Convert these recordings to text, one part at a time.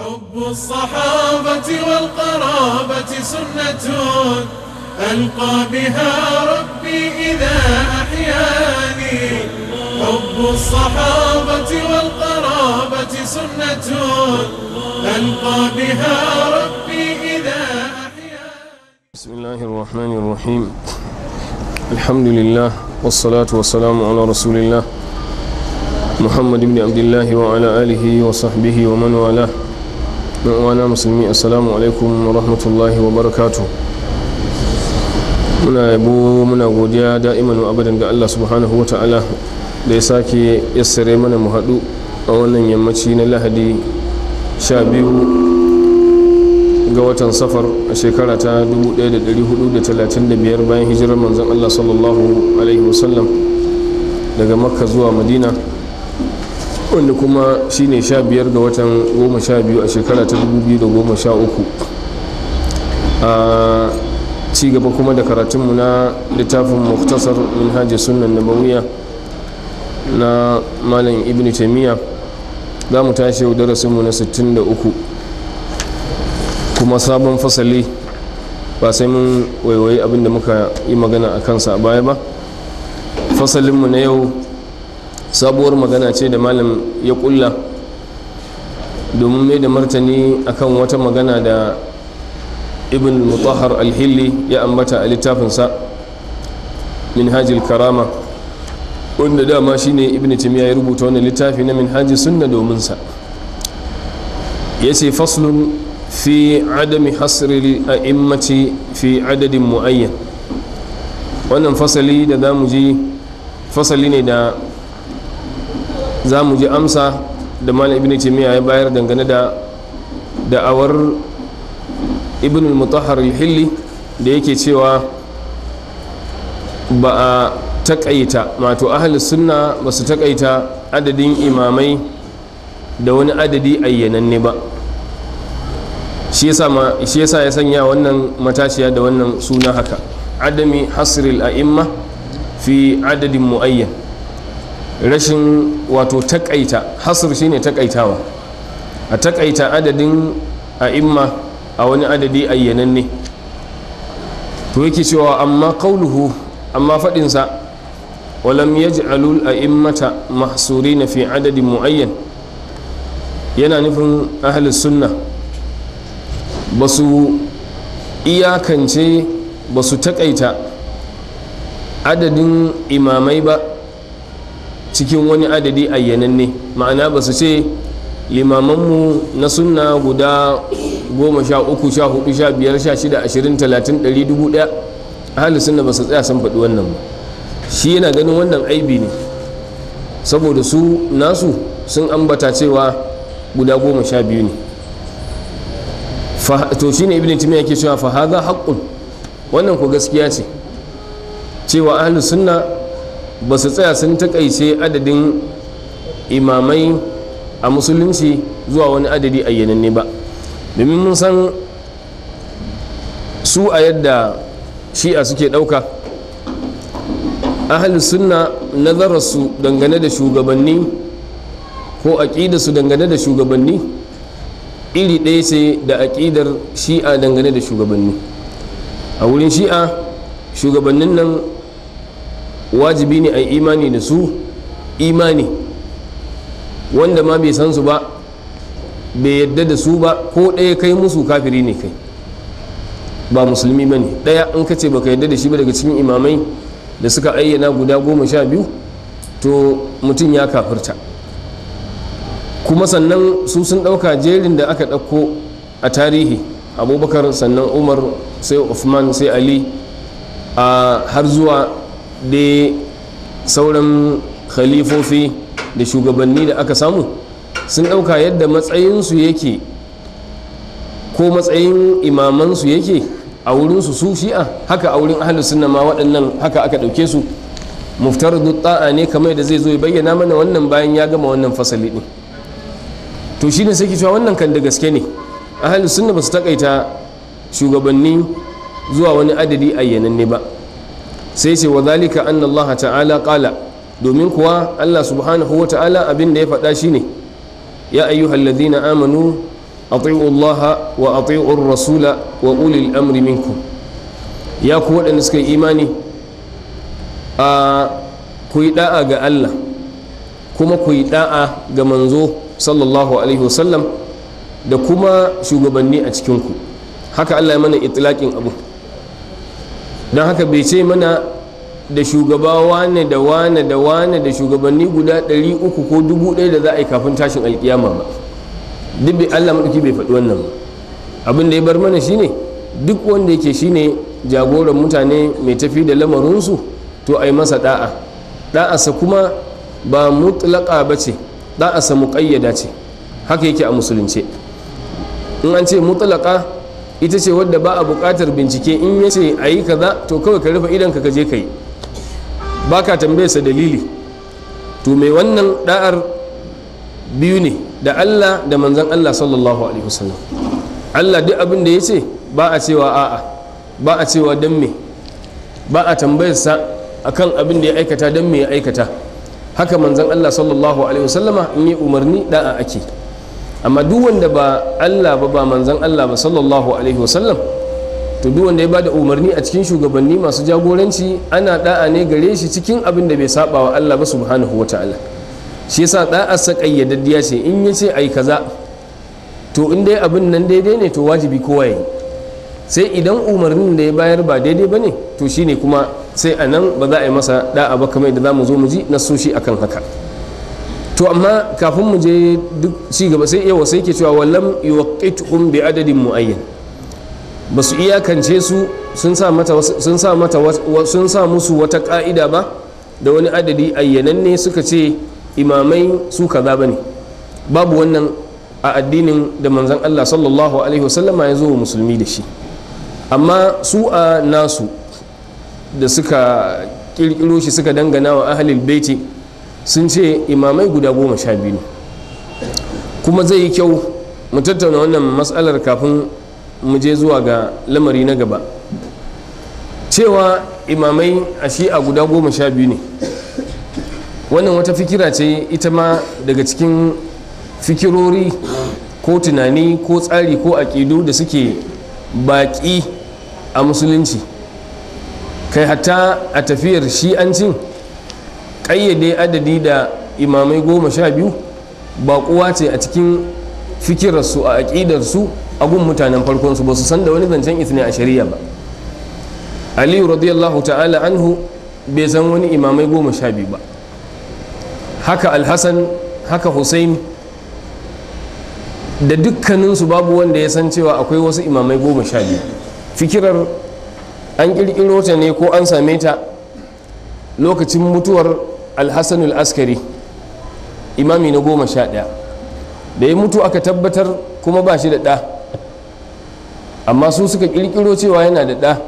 حب الصحابة والقرابة سنة ألقى بها ربي إذا أحياني حب الصحابة والقرابة سنة ألقى بها ربي إذا أحياني بسم الله الرحمن الرحيم الحمد لله والصلاة والسلام على رسول الله محمد بن عبد الله وعلى آله وصحبه ومن والاه don wana musulmi assalamu alaikum wa rahmatullahi wa barakatu muna yabo muna godiya da'iman abadan ga allah subhanahu wa ta'ala da ya sake yassare mana mu haɗu a wannan yammaci na lahadi 12 ga watan safar a shekara ta 1435 bayan hijirar manzon allah sallallahu alaihi wasallam daga makka zuwa madina wanda kuma shine sha biyar ga watan goma sha biyu a shekara ta dubu biyu da goma sha uku a cigaba kuma da karatunmu na littafin muktasar hajji sunan nabawiya na malam ibn taimiyya za mu tashi yau darasinmu na sittin uku kuma sabon fasali ba sai mun waiwayi abinda muka yi magana a kansa a baya ba fasalinmu na yau sabuwar magana ce da malam ya kulla domin mai da martani akan wata magana da ibn mutahar alhilli ya ambata a littafinsa min minhajil karama wanda dama shine ibn timiya ya rubuta wani littafi na min hajji sunna domin sa yace faslun fi adami hasri a'immati fi adadin muayyan wannan fasali da zamu ji fasali ne da za mu ji amsa da malam ibn timiya ya bayar dangane da da'awar ibn mutahar hilli da yake cewa ba a takaita mato ahli sunna ba su takaita adadin imamai da wani adadi ayyananne ba shi yasa ya sanya wannan matashiya da wannan suna haka adami hasril a'imma fi adadin mu'ayyan rashin wato takaita hasir shine takaitawa a takaita adadin a imma a wani adadi ne to yake cewa amma kauluhu amma faɗinsa walam immata a'immata na fi adadin muayyan yana nufin ahalis sunna ba su iyakance ba su takaita adadin imamai ba cikin wani adadi ayyananne ma'ana ba su ce limamanmu na sunna guda goma sha uku sha hudu sha biyar sha shida ashirin talatin ɗari dubu ɗaya ahalin sunna ba su tsaya sun faɗi wannan ba shi yana ganin wannan aibi ne saboda su nasu sun ambata cewa guda goma sha biyu ne to shi ne ibn timiya ke cewa fa haza haƙƙun wannan ko gaskiya ce cewa ahalin sunna ba su tsaya sun takaice adadin imamai a musulunci zuwa wani adadi a ayyananne ba domin mun san su a yadda shi'a suke ɗauka ahal sunna nazararsu dangane da shugabanni ko su dangane da shugabanni iri ɗaya ce da aƙidar shi'a dangane da shugabanni a wurin shi'a shugabannin nan wajibi ne a yi imani da su imani wanda ma bai san su ba bai yadda da su ba ko ɗaya kai musu kafiri ne kai ba musulmi ba ne ɗaya in ka ce baka yadda da shi ba daga cikin imamai da suka ayyana guda goma sha biyu to mutum ya kafirta kuma sannan su sun ɗauka jerin da aka ɗauko a tarihi abubakar sannan umar sai uthman sai ali har zuwa da sauran khalifofi da shugabanni da aka samu sun ɗauka yadda matsayinsu yake ko matsayin imamansu yake a wurinsu su shi'a haka a wurin ahalus sunna ma waɗannan haka aka ɗauke su muftar da'a ne kamar da zai zo ya bayyana mana wannan bayan ya gama wannan fasali ɗin to shi ne sai cewa wannan kan da gaske ne ahalus sunna ba su taƙaita shugabanni zuwa wani adadi ayyananne ba sai ce wa zalika anna Allah ta'ala qala domin kuwa Allah subhanahu wa ta'ala abin da ya faɗa shi ne. ya ayyuhalladhina amanu ati'u Allah wa ati'u rasula wa ulil amri minkum ya ku waɗanda suka yi imani a ku yi da'a ga Allah kuma ku yi da'a ga manzo sallallahu alaihi wasallam da kuma shugabanni a cikinku haka Allah ya mana itlaƙin abu don haka bai ce mana da shugaba wane da wane da wane da shugabanni guda ɗari uku ko dubu ɗaya da za a yi kafin tashin alkiyama ba duk bai allah maɗauki bai faɗi wannan ba abin da ya bar mana shine duk wanda yake shine jagoran mutane mai tafi da lamarinsu to a yi masa ɗa'a ɗa'asa kuma ba mutlaka ba ce da'asa muƙayyada ce haka yake a musulunce in an ce mutlaka ita ce wadda ba a bukatar bincike in ya ce a yi kaza to kawai ka rufe idan ka je ka yi ba ka tambayarsa dalili to mai wannan da'ar biyu ne da Allah da manzan Allah sallallahu alaihi wasallam Allah duk abin da ya ce ba a cewa a'a ba a cewa don me ba a tambayarsa kan abin da ya aikata dan me ya aikata haka manzan Allah sallallahu alaihi wasallama in yi umarni da'a ake amma duk wanda ba Allah ba ba manzan Allah ba sallallahu alaihi wasallam to duk wanda ya bada umarni a cikin shugabanni masu jagoranci ana da'a ne gare shi cikin abin da bai saba wa Allah ba subhanahu wataala shi yasa da'a sa kayyadaddiya ce in ya ce ai kaza to in dai abin nan daidai ne to wajibi kowa ya sai idan umarnin da ya bayar ba daidai bane to shine kuma sai a nan ba za a yi masa da'a ba kamar da za mu zo mu ji nasoshi akan haka to amma kafin mu je duk ci gaba sai yawa sai ke cewa wallam yuqituhum bi adadin muayyan ba su iyakance su sun sa mata sun sa musu wata ƙa'ida ba da wani adadi ayyananne suka ce imamai su kaza ne babu wannan a addinin da manzon Allah sallallahu alaihi wasallama ya zo musulmi da shi amma su a nasu da suka ƙirƙiro shi suka dangana wa ahlul baiti sun ce imamai guda goma sha biyu kuma zai yi kyau mu tattauna wannan matsalar kafin mu je zuwa ga lamari na gaba cewa imamai a shi'a guda goma sha biyu ne wannan wata fikira ce ita ma daga cikin fikirori ko tunani ko tsari ko aƙidu da suke baƙi a musulunci kai hatta a tafiyar shi'ancin ƙayyade adadi da imamai goma sha biyu ba kowa ce a cikin fikirarsu a aƙidarsu a gun mutanen farkonsu ba su san da wani zancen isne a shari'a ba aliyu radiyallahu ta'ala anhu bai san wani imamai goma sha biyu ba haka alhassan haka hussein da dukkaninsu babu wanda ya san cewa akwai wasu imamai goma sha biyu fikirar an ƙirƙiro ta ne ko an same ta lokacin mutuwar alhassanul askari imami na goma sha ɗaya da ya mutu aka tabbatar kuma ba shi da ɗa amma su suka ƙirƙiro cewa yana da ɗa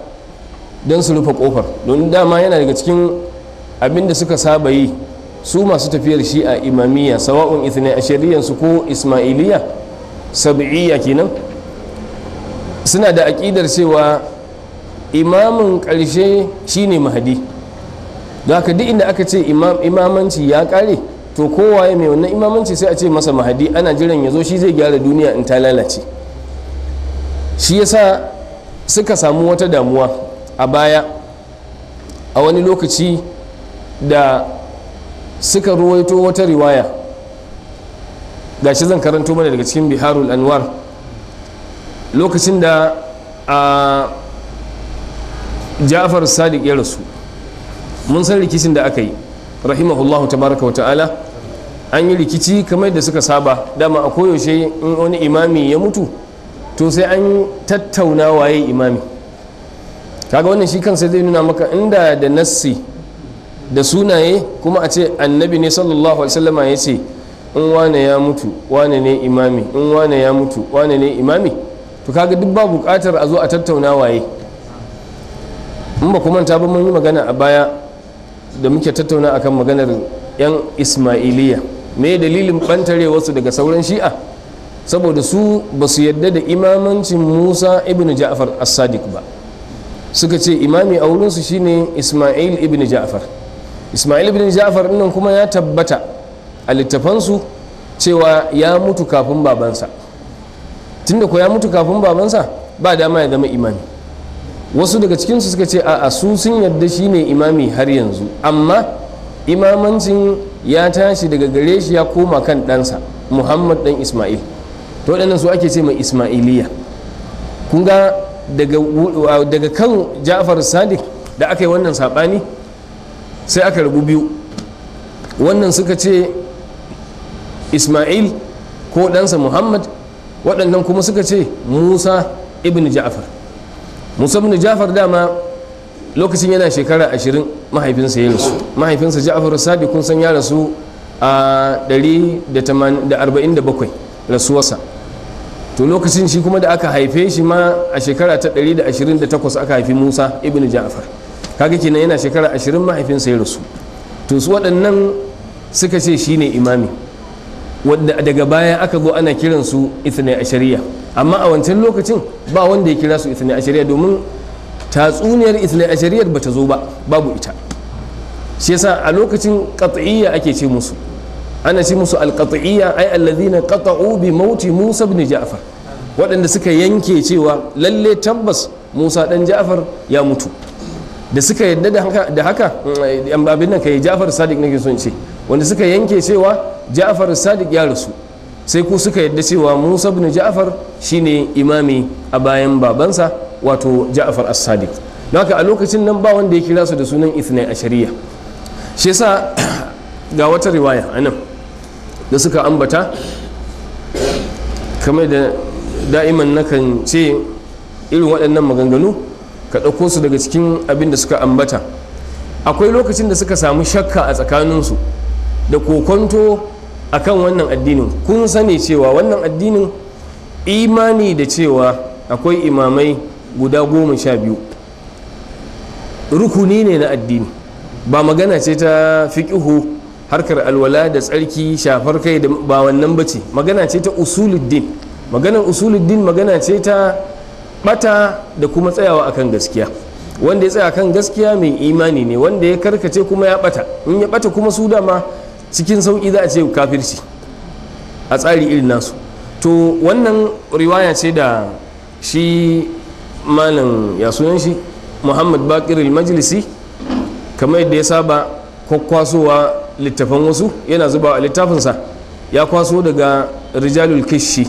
don su rufe ƙofar don dama yana daga cikin abin da suka saba yi su masu tafiyar shi shi'a imamiyya sawa'un ithnai su ko ismailiyya sab'iyya kenan suna da aƙidar cewa imamin ƙarshe shine mahadi da haka duk inda aka ce imamanci ya kare to ya mai wannan imamanci sai a ce masa mahadi ana jiran ya zo shi zai gyara duniya in ta lalace shi yasa suka samu wata damuwa a baya a wani lokaci da suka ruwaito wata riwaya shi zan karanto mana daga cikin biharul anwar lokacin da a ja'far sadiq ya rasu mun san rikicin da aka yi rahimahullahu tabaraka wa ta'ala an yi rikici kamar da suka saba dama a koyaushe in wani imami ya mutu to sai an tattauna waye imami kaga wannan shi kansa zai nuna maka inda da nassi da sunaye kuma a ce annabi ne sallallahu alaihi wasallama ya ce in wane ya mutu wane ne imami in wane ya mutu wane ne imami to kaga duk ba bukatar a zo a tattauna waye in ba kuma ta ba mun yi magana a baya da muke tattauna akan maganar 'yan ismailiya me dalilin bantare wasu daga sauran shi'a saboda su ba su yadda da imamancin musa ibn ja'far as-sadiq ba suka ce imami a wurinsu shine ismail ibn ja'far ismail ibn ja'far nan kuma ya tabbata a littafansu cewa ya mutu kafin babansa tunda ko ya mutu kafin babansa ba dama ya zama imami wasu daga cikinsu suka ce a su sun yarda shi ne imami har yanzu amma imamancin ya tashi daga gare shi ya koma kan ɗansa muhammad ɗan ismail to waɗannan su ake ce mai ismailiya kun ga daga kan ja'far sadiq da aka yi wannan saɓani sai aka rabu biyu wannan suka ce ismail ko ɗansa muhammad waɗannan kuma suka ce musa ibn ja'far musa bin jafar dama lokacin yana shekara ashirin mahaifinsa ya rasu mahaifinsa ja'far sadi kun san ya rasu a 147 rasuwarsa to lokacin shi kuma da aka haife shi ma a shekara ta 128 aka haifi musa ibn ja'far kaga kenan yana shekara 20 mahaifinsa ya rasu to su waɗannan suka ce shine imami wadda daga baya aka zo ana kiransu ithna ashariya amma a wancan lokacin ba wanda ya kira su a shari'a domin tatsuniyar shari'ar ba ta zo ba babu ita shi yasa a lokacin qat'iyya ake ce musu ana ce musu alqat'iyya ai allazina qata'u bi mauti Musa ibn Ja'far waɗanda suka yanke cewa lalle tabbas Musa dan Ja'far ya mutu da suka yadda da haka mm, abin nan kai Ja'far Sadiq nake son ce wanda suka yanke cewa Ja'far Sadiq ya rasu sai ku suka yadda cewa musa bin ja'far shine imami a bayan babansa wato ja'far as-sadiq haka a lokacin nan ba wanda ya kira su da sunan ithnai shari'a shi yasa ga wata riwaya anan da suka ambata kamar da da'iman nakan ce irin waɗannan maganganu ka ɗauko su daga cikin abin da suka ambata akwai lokacin da suka samu shakka a tsakaninsu da kokonto akan wannan addinin kun sani cewa wannan addinin imani da cewa akwai imamai guda goma sha biyu rukuni ne na addini ba magana ce ta fiƙihu harkar alwala da tsarki shafar kai da ba wannan ba magana ce ta usuluddin maganar usuluddin magana ce ta bata da kuma tsayawa akan gaskiya wanda ya tsaya kan gaskiya mai imani ne wanda ya karkace kuma ya bata in ya bata kuma su dama cikin sauƙi za a ce kafirci a tsari irin nasu to wannan riwaya ce da shi malam ya sunan shi muhammad bakir majlisi kamar yadda ya saba kwakwasowa littafan wasu yana zuba a littafinsa ya kwaso daga rijalul kishi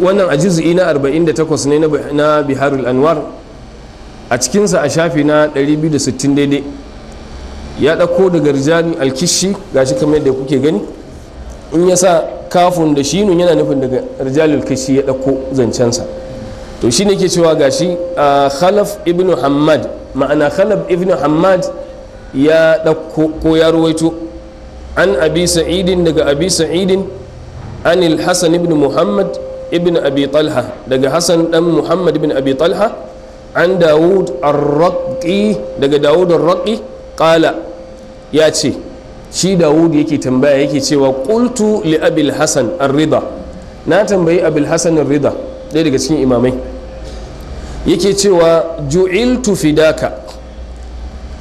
wannan a juz'i na 48 ne na biharul anwar a cikinsa a shafi na 260 daidai ya ɗauko daga rijali alkishi shi kamar yadda kuke gani in ya sa kafin da shi yana nufin daga rijali alkishi ya ɗauko zancensa to shi ne ke cewa gashi a khalaf ibn hamad ma'ana khalaf ibn hamad ya ɗauko ko ya ruwaito an abi sa'idin daga abi sa'idin an hasan ibn muhammad ibn abi talha daga hasan dan muhammad ibn abi talha an dawud ar daga dawud ar-raqi ya ce shi dawud yake tambaya yake cewa qultu li abil hasan ar na tambayi abil hasan ar ɗaya daga cikin imamai yake cewa ju'iltu fidaka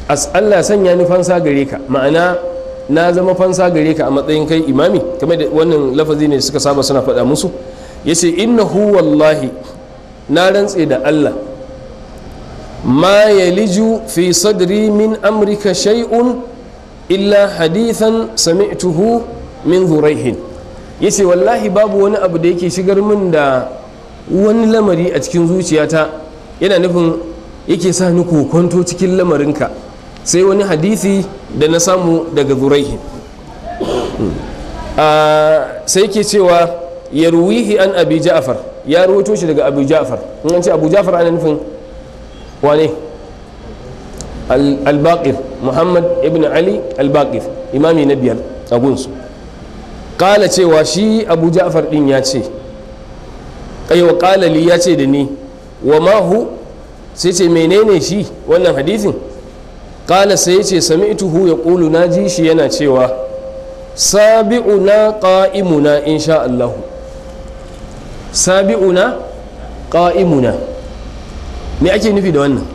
as Allah sanya ni fansa gare ka ma'ana na zama fansa gare ka a matsayin kai imami kamar da wannan lafazi ne suka saba suna faɗa musu yace innahu wallahi na rantse da Allah ma yaliju fi sadri min amrika shai'un. illa hadithan sami'tuhu min zuraihin yace wallahi babu wani abu da yake shigar min da wani lamari a cikin zuciyata yana nufin yake sa ni kokonto cikin lamarinka sai wani hadisi da na samu daga zuraihin hmm. ah, sai ke cewa ya ruwihi an abi ja'far ya ruwato shi daga abu ja'far in an ce abu ja'far ana nufin wane al muhammad ibn ali al-baqir imami na biyar a gunsu kala cewa shi abu ja'far din ya ce aiwa kala li ya ce da ni wa mahu sai ce menene shi wannan hadithin kala sai ce sami ituhu ya kulu na ji shi yana cewa sabi'una qa'imuna insha Allah sabi'una qa'imuna me ake nufi da wannan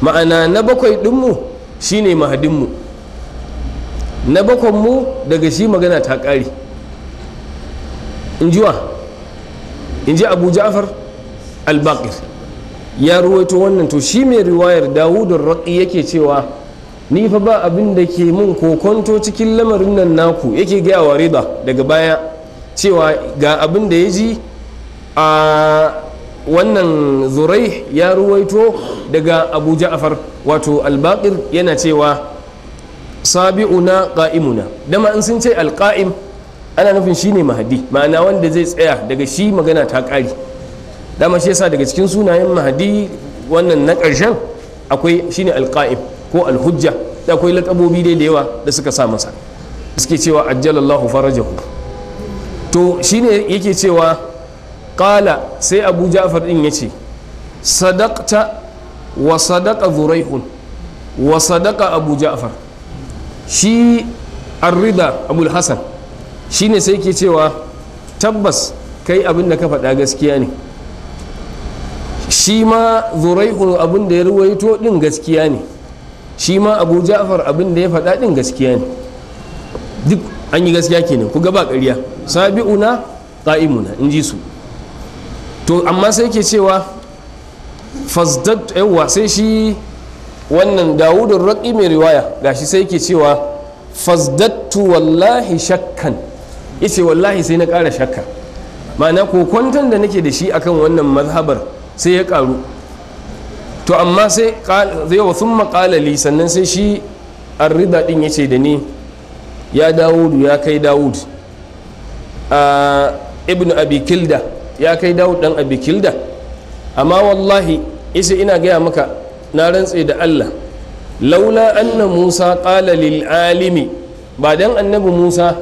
ma'ana na bakwai dinmu Shi ne mahadinmu na bakonmu daga shi magana ta ƙari in wa in ji abu ja'afar al ya ruwaito wannan to shi mai riwayar dawudun raƙi yake cewa ni fa ba abin da ke mun kokonto cikin lamarin nan naku yake gaya wa riba daga baya cewa ga abin da ya ji a wannan zurai ya ruwaito daga abu ja'afar wato albaqir yana cewa sabi'una qa'imuna dama in sun ce alqa'im ana nufin shine mahadi ma'ana wanda zai tsaya daga shi magana ta ƙari dama shi yasa daga cikin sunayen mahadi wannan na ƙarshen akwai shine alqa'im ko alhujja da akwai laƙabobi dai da yawa da suka sa masa suke cewa ajjalallahu farajahu to shine yake cewa ƙala sai abu ja'far ɗin ya ce sadakta wa sadaka zuraihun wa sadaka abu ja'far shi arrida abulhassan hassan shi ne sai ke cewa tabbas kai abin da ka faɗa gaskiya ne shi ma zuraihun abin da ya ruwaito ɗin gaskiya ne shi ma abu abin da ya faɗa ɗin gaskiya ne duk an yi gaskiya kenan ku gaba ƙarya sabi'una ƙa'imuna in ji su to amma sai ke cewa fasdad yawa sai shi wannan dawudun raƙi mai riwaya gashi sai ke cewa fasdattu wallahi shakkan yace wallahi sai na ƙara shakka ma'ana kokwanton da nake da shi akan wannan mazhabar sai ya ƙaru to amma sai zai wa sun maƙalali sannan sai shi arrida ɗin ya ce da ni ya dawudu ya kai dawud ah, ibn abi kilda ya kai dawud dan abi kilda amma wallahi isa ina gaya maka na rantse da allah laula anna musa qala lil alimi ba dan annabi musa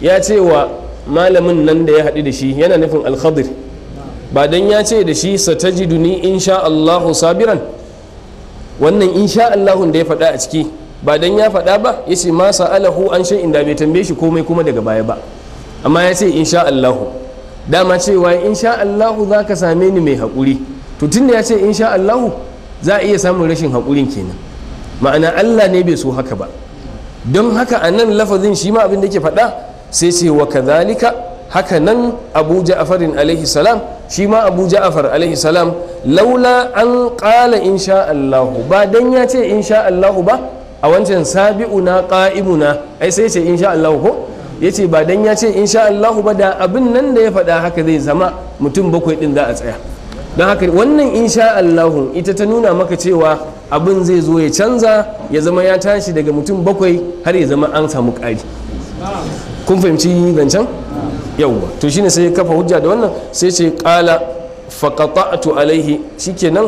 ya ce wa malamin nan da ya haɗu da shi yana nufin alkhadir ba dan ya ce da shi satajiduni insha allah sabiran wannan insha Allah, da ya faɗa a ciki ba dan ya faɗa ba yace ce ma sa'alahu an shay'in da bai tambaye shi komai kuma daga baya ba amma ya ce insha allahu dama cewa insha Allahu za ka same ni mai haƙuri to tunda ya ce insha Allahu za a iya samun rashin haƙurin kenan ma'ana Allah ne bai so haka ba don haka a nan lafazin shi ma abin da ke faɗa sai ce wa kazalika haka nan abu ja'afarin alaihi salam shi ma abu ja'afar alaihi salam laula an ƙala insha Allahu ba dan ya ce insha Allahu ba a wancan sabi'una qa'imuna ai sai ce insha Allahu ko ya ce ba dan ya ce insha Allahu ba da abin nan da ya faɗa haka zai zama mutum bakwai ɗin za a tsaya don haka wannan insha Allahu ita ta nuna maka cewa abin zai zo ya canza ya zama ya tashi daga mutum bakwai har ya zama an samu ƙari kun fahimci zancen yawwa to shine sai ya kafa hujja da wannan sai ce qala faqata'tu alaihi shikenan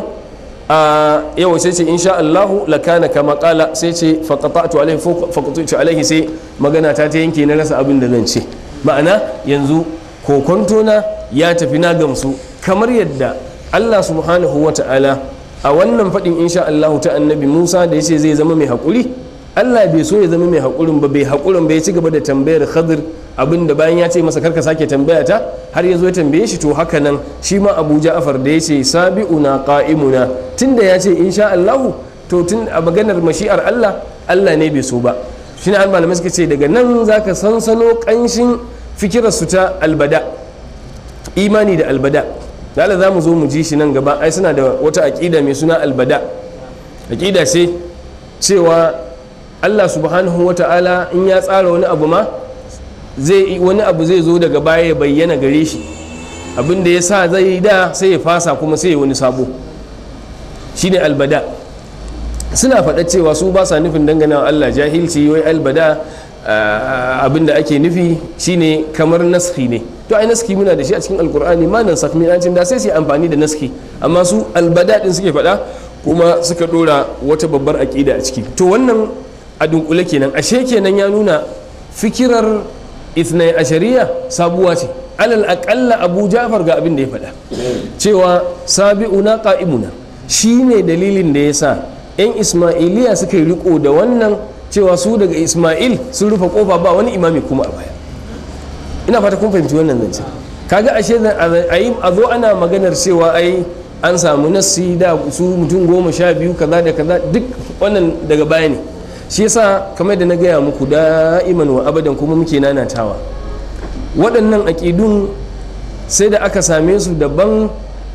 a yau sai ce insha Allahu kana kama kala sai ce faqata'tu alaihi faqata'tu alaihi sai magana ta ta yanke na rasa abin da zan ce ma'ana yanzu kokonto na ya tafi na gamsu kamar yadda Allah subhanahu wa ta'ala a wannan faɗin insha Allahu ta annabi Musa da ya ce zai zama mai haƙuri Allah bai so ya zama mai haƙurin ba bai haƙurin ba ya ci gaba da tambayar Khadir abin da bayan ya ce masa karka sake tambaya ta har ya zo ya tambaye shi to haka nan shi ma abu ja'afar da ya ce sabi'una qa'imuna tunda ya ce insha Allahu to tun a maganar mashi'ar Allah Allah ne bai so ba shine an malamai suka ce daga nan zaka sansano kanshin fikirar su ta albada imani da albada dala za mu zo mu ji shi nan gaba ai suna da wata aƙida mai suna albada aƙida ce cewa Allah subhanahu wa ta'ala in ya tsara wani abu ma wani abu zai zo daga baya ya bayyana gare shi abinda ya sa zai yi da sai ya fasa kuma sai ya wani sabo shi ne albada suna faɗa cewa su ba sa nufin dangana Allah jahilci wai albada abinda ake nufi shine kamar naski ne to ai naski muna da shi a cikin alkur'ani ma nan safi an da sai su amfani da naski amma su albada din suke faɗa kuma suka ɗora wata babbar aƙida a ciki to wannan a dunkule kenan ashe kenan ya nuna fikirar a shari'a sabuwa ce alal akalla abu jafar ga abin da ya faɗa cewa na shi ne dalilin da ya sa 'yan ismailiya suka yi riko da wannan cewa su daga ismail sun rufe kofa ba wani imami kuma a baya ina fata kun fahimci wannan zance kaga ashe a zo ana maganar cewa ai an samu nassi da su mutum goma sha biyu kaza da kaza duk wannan daga baya ne shi yasa kamar da na gaya muku da'iman wa abadan kuma muke nanatawa waɗannan aƙidun sai da aka same su daban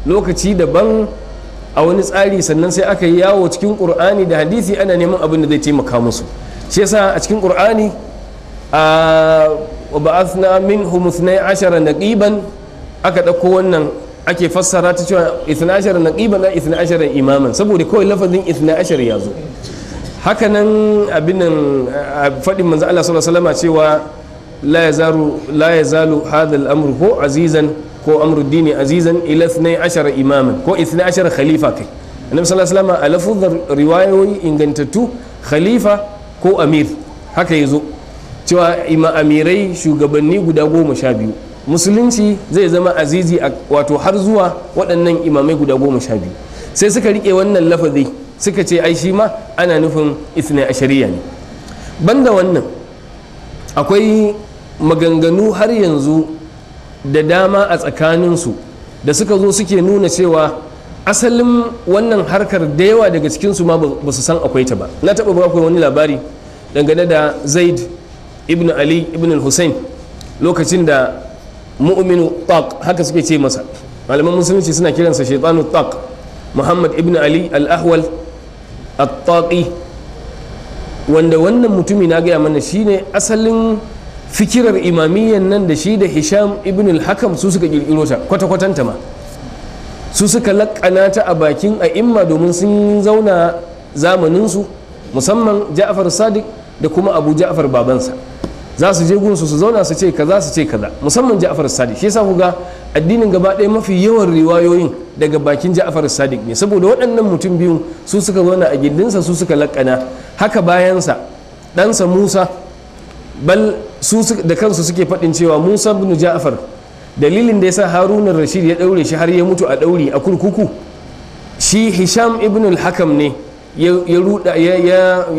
lokaci daban a wani tsari sannan sai aka yi yawo cikin ƙur'ani da hadisi ana neman abin da zai taimaka musu shi yasa a cikin ƙur'ani a ba'athna ashara na ƙiban aka ɗauko wannan ake fassara ta cewa a ashara na ashara imaman saboda kawai lafazin ashara ya zo hakanan abin nan faɗin manzo Allah sallallahu alaihi cewa la yazaru la yazalu hadha al-amru ko azizan ko amru dini azizan ila 12 imaman ko 12 khalifa kai annabi sallallahu alaihi wasallam a lafuzar riwayoyi ingantattu khalifa ko amir haka yazo cewa ima amirai shugabanni guda goma sha biyu musulunci zai zama azizi wato har zuwa waɗannan imamai guda goma sha biyu sai suka riƙe wannan lafazi suka ce ai shi ma ana nufin a shari'a ne banda wannan akwai maganganu har yanzu da dama a tsakaninsu da suka zo suke nuna cewa asalin wannan harkar da yawa daga cikinsu ma ba su san akwai ta ba na taɓa ba kuwa wani labari dangane da zaid ibn ali ibn hussein lokacin da mu'uminu taq haka suke ce masa malaman musulunci suna kiransa shaitanu taq muhammad ibn ali al-ahwal attaqi wanda wannan mutumi na gaya mana shine asalin fikirar imamiyyan nan da shi da hisham ibn al-hakam su suka kirkiro ta kwata-kwatanta ma su suka laƙana ta a bakin a'imma domin sun zauna zamaninsu musamman ja'far sadiq da kuma abu ja'far babansa za su je gunsu su zauna su ce kaza su ce kaza musamman ja'far sadiq shi yasa ku ga addinin gaba ɗaya mafi yawan riwayoyin daga bakin ja'far sadiq ne saboda waɗannan mutum biyu su suka zauna a gindinsa su suka laƙana haka bayansa ɗansa musa bal su da kansu suke faɗin cewa musa bin ja'afar dalilin da ya sa haruna rashid ya ɗaure shi har ya mutu a ɗauri a kurkuku shi hisham ibn al-hakam ne ya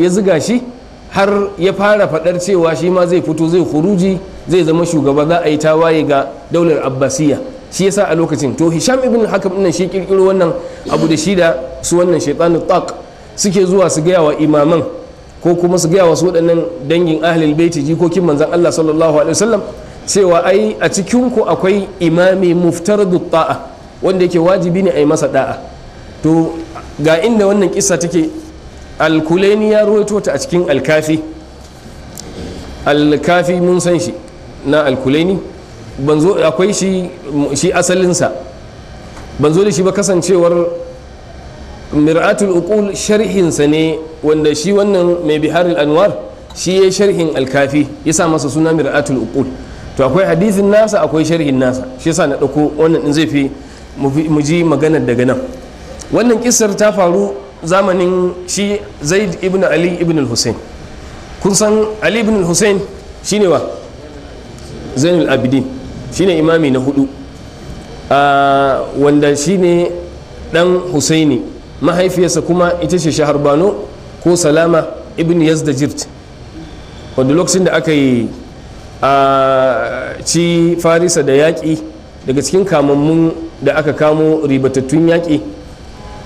ziga shi har ya fara faɗar cewa shi ma zai fito zai huruji zai zama shugaba za a yi tawaye ga daular abbasiya shi yasa a lokacin to hisham ibn hakam nan shi kirkiro wannan abu da shi da su wannan shaitanu taq suke zuwa su gaya wa imaman ko kuma su gaya wa su waɗannan dangin ahlul baiti jikokin manzon Allah sallallahu alaihi wasallam cewa ai a cikin ku akwai imami muftar ta'a wanda yake wajibi ne a yi masa da'a to ga inda wannan kissa take alkulaini ya ruwaito ta a cikin alkafi alkafi mun san shi na alkulaini ban akwai shi shi asalinsa ban zo da shi ba kasancewar mir'atul uqul sharhinsa ne wanda shi wannan mai biharil anwar shi ya sharhin alkafi ya sa masa suna mir'atul uqul to akwai hadisin nasa akwai sharhin nasa shi yasa na dauko wannan in zai fi mu ji maganar daga nan wannan kisar ta faru zamanin shi zaid ibn ali ibn al-hussein kun san ali ibn al-hussein shine wa zainul abidin shine imami na hudu ah, wanda shine dan husaini mahaifiyarsa kuma ita ce shaharbano ko salama ibn yazdajirt wanda lokacin da aka yi a ah, ci farisa da yaƙi daga cikin kamammun da aka kamo ribatattun yaƙi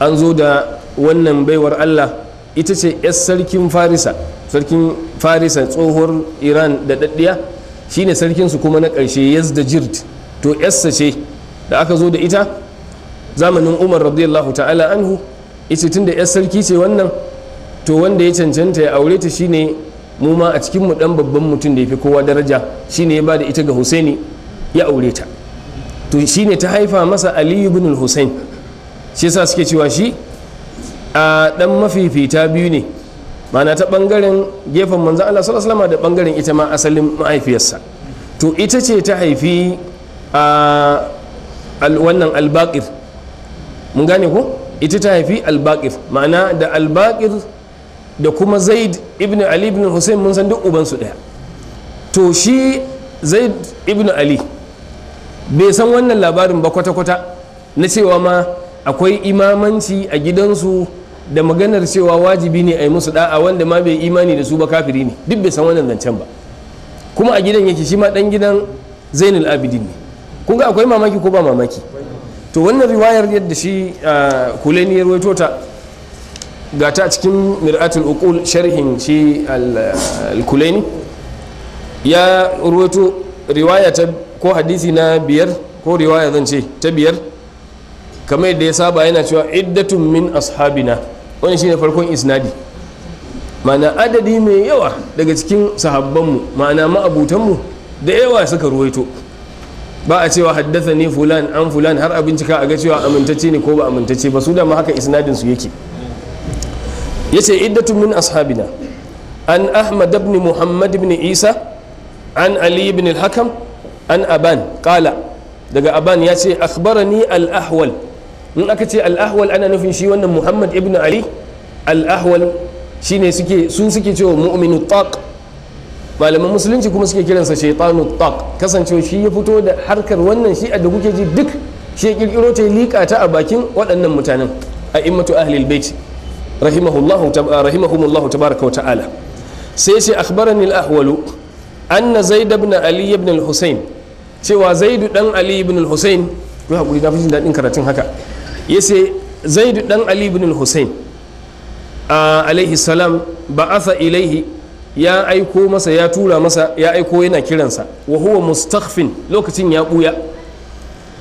an zo da wannan baiwar Allah ita ce 'yar sarkin farisa sarkin farisa tsohuwar iran da daddiya shine sarkinsu kuma na ƙarshe yazda jirt to 'yarsa ce da aka zo da ita zamanin umar radiyallahu ta'ala anhu ita tun da 'yar sarki ce wannan to wanda ya cancanta ya aure ta shine mu ma a cikin mu dan babban mutum da ya fi kowa daraja shine ya da ita ga husaini ya aure ta to shine ta haifa masa aliyu ibn al-husain shi yasa suke cewa shi a dan mafifita biyu ne mana ta bangaren gefen manzan Allah sallallahu alaihi da bangaren ita ma asalin mahaifiyarsa to ita ce ta haifi a wannan albaqir mun gane ko ita ta haifi albaqir ma'ana da albaqir da kuma zaid ibn ali ibn hussein mun san duk ubansu daya to shi zaid ibn ali bai san wannan labarin ba kwata-kwata na cewa ma akwai imamanci a gidansu da maganar cewa wajibi ne a yi musu da'a wanda ma bai imani da su ba kafiri ne duk bai san wannan zancen ba kuma a gidan yake shi ma dan gidan zainul abidin ne kun ga akwai mamaki ko ba mamaki to wannan riwayar yadda shi kuleni ya ruwaito ta ga ta cikin mir'atul uqul sharhin shi al kulaini ya ruwaito riwaya ta ko hadisi na biyar ko riwaya zan ce ta biyar kamar yadda ya saba yana cewa iddatun min ashabina wani shine farkon isnadi ma'ana adadi mai yawa daga cikin sahabbanmu ma'ana ma'abutanmu da yawa suka ruwaito ba a cewa haddasa ne fulan an fulan har a bincika a ga cewa amintacce ne ko ba amintacce ba su dama haka isnadin su yake yace iddatun min ashabina an ahmad ibn muhammad ibn isa an ali ibn al-hakam an aban kala daga aban ya ce akhbarani al-ahwal in aka ce al'ahwal ana nufin shi wannan muhammad ibn ali al'ahwal shi ne su suke cewa mu'minu taq malaman musulunci kuma suke kiransa shaitanu taq kasancewa shi ya fito da harkar wannan shi da kuke ji duk shi ya kirkiro ta liƙa ta a bakin waɗannan mutanen a immatu ahlil bait rahimahumullahu tabaraka wa ta'ala sai shi akhbarani al-ahwalu anna zaid ibn ali ibn al-husayn cewa zaidu dan ali ibn al-husayn ku hakuri na fi daɗin karatun haka ya ce zaid dan ali ibn al a alaihi salam ilaihi ya aiko masa ya tura masa ya aiko yana kiransa wa huwa lokacin ya buya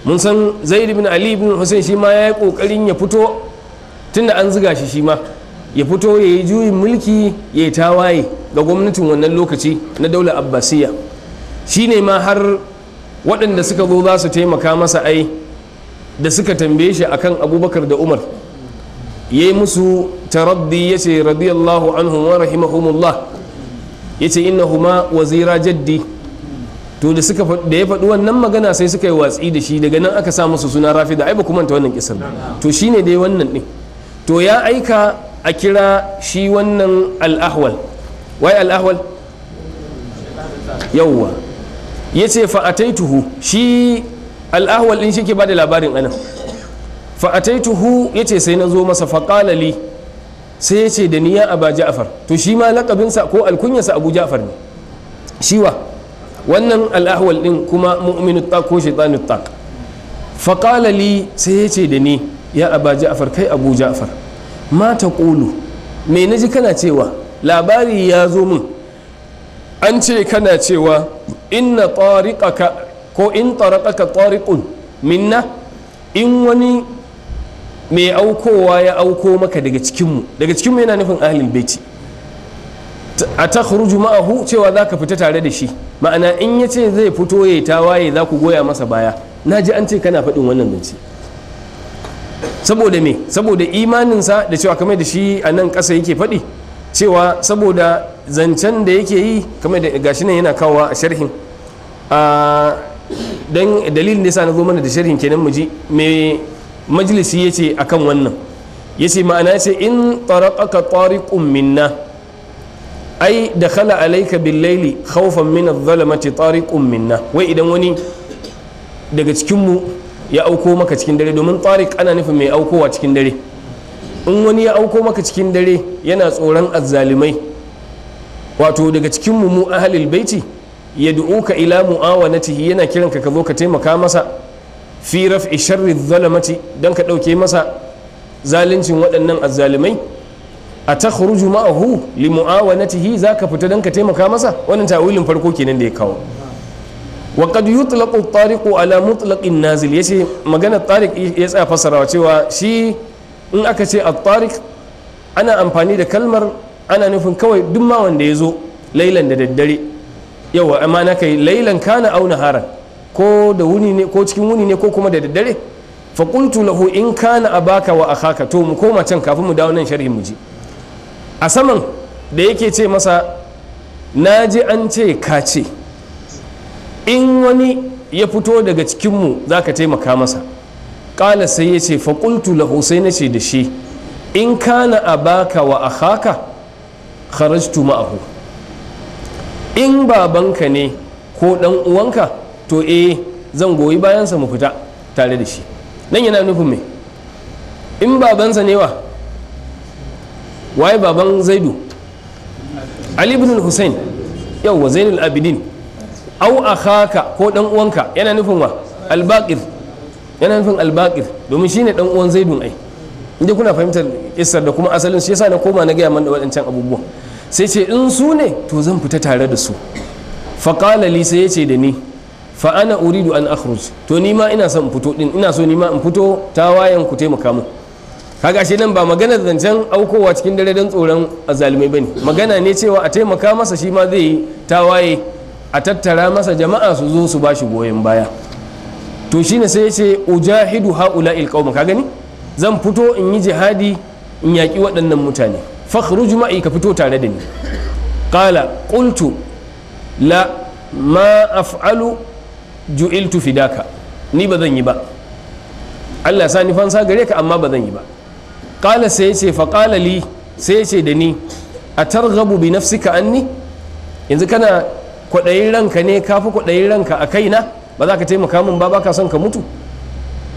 mun san zaid ibn ali ibn husayn shi ma ya yi kokarin ya fito tunda an ziga shi shi ma ya fito ya yi juyin mulki ya yi tawaye ga gwamnatin wannan lokaci na daular abbasiya shi ne ma har waɗanda suka zo za su taimaka masa ai da suka tambaye shi akan abubakar da umar ya yi musu tarabdi ya ce radiyallahu anhu wa rahimahumullah ya ce huma wazira jaddi to da suka da ya faɗi wannan magana sai suka yi watsi da shi daga nan aka sa musu suna rafi da ai ba kuma wannan kisar to shine dai wannan din to ya aika a kira shi wannan al'ahwal wai al'ahwal yawwa ya ce fa'ataituhu shi al'ahwal din shi ke bada labarin anan hu yace sai na zo masa faqala li sai yace da ni ya aba ja'far to shi ma lakabin sa ko alkunyar sa abu ja'far ne shiwa wannan al'ahwal din kuma mu'minu taq ko shaytanu taq faqala li sai yace da ni ya aba ja'far kai abu ja'far ma taqulu me naji kana cewa labari ya zo min an ce kana cewa inna tariqaka ko in taraqaka tariqun minna in wani mai aukowa ya auko maka daga cikinmu daga cikinmu yana nufin ahlul baiti a ta ma'ahu cewa za ka fita tare da shi ma'ana in ya ce zai fito ya tawaye za ku goya masa baya na ji an ce kana faɗin wannan zance saboda me saboda imaninsa da cewa kamar da shi a nan ƙasa yake faɗi cewa saboda zancen da yake yi kamar da gashi nan yana kawowa a sharhin dan dalilin da yasa na zo mana da sharhin kenan mu ji me majlisi yace akan wannan yace ma'ana yace in taraqaka tariqun minna ai dakhala alayka bil layli khawfan min adh-dhalamati tariqun minna wai idan wani daga cikin ya auko maka cikin dare domin tariq ana nufin mai aukowa cikin dare in wani ya auko maka cikin dare yana tsoron azzalimai wato daga cikin mu mu ahlul baiti du'uka ila mu'awanatihi yana kiranka ka zo ka taimaka masa fi raf'i sharri dan ka dauke masa zaluncin waɗannan azzalimai a ta khuruju ma'ahu li mu'awanatihi zaka fita dan ka taimaka masa wannan tawilin farko kenan da ya kawo wa qad yutlaqu at-tariqu ala mutlaqin nazil yace magana tariq ya tsaya fasarawa cewa shi in aka ce at-tariq ana amfani da kalmar ana nufin kawai duk ma wanda ya zo lailan da daddare yawa amma na kai lailan kana auna haran ko da wuni ne ko cikin wuni ne ko kuma da daddare fa qultu lahu in kana abaka wa akhaka to mu koma can kafin mu dawo nan sharhi mu ji a saman da yake ce masa naji an ce ka ce in wani ya fito daga cikinmu za ka taimaka masa ƙala sai ya ce qultu lahu sai na ce da shi in kana abaka wa akhaka kharajtu ma'ahu in babanka ne ko dan uwanka to eh zan goyi bayansa mu fita tare da shi nan yana nufin me in babansa ne wa waye baban zaidu ali ibn hussein yawwa zainul abidin au akhaka ko dan uwanka yana nufin wa albaqir yana nufin albaqir domin shine dan uwan zaidun ai inda kuna fahimtar kissar da kuma asalin shi yasa na koma na gaya man da waɗancan abubuwan sai ce in su ne to zan fita tare da su faƙala lisa sai ya ce da ni fa uridu an akhruj to ni ma ina son fito din ina so ni ma in fito ta wayan ku taimaka mu kaga shi nan ba magana zancen aukowa cikin dare don tsoron azalimai bane magana ne cewa a taimaka masa shi ma zai yi tawaye a tattara masa jama'a su zo su bashi goyon baya to shine sai ya ce ujahidu haula ilqaum ka gani zan fito in yi jihadi in yaƙi waɗannan mutane fakhruj ma'i ka fito tare da ni qala qultu la ma af'alu ju'iltu fidaka ni ba zan yi ba Allah ya sani fansa gare ka amma ba zan yi ba qala sai ce fa qala li sai ce da ni atarghabu bi nafsika anni yanzu kana kwaɗayin ranka ne kafi kwaɗayin ranka a kaina ba za ka taimaka min ba baka ka son ka mutu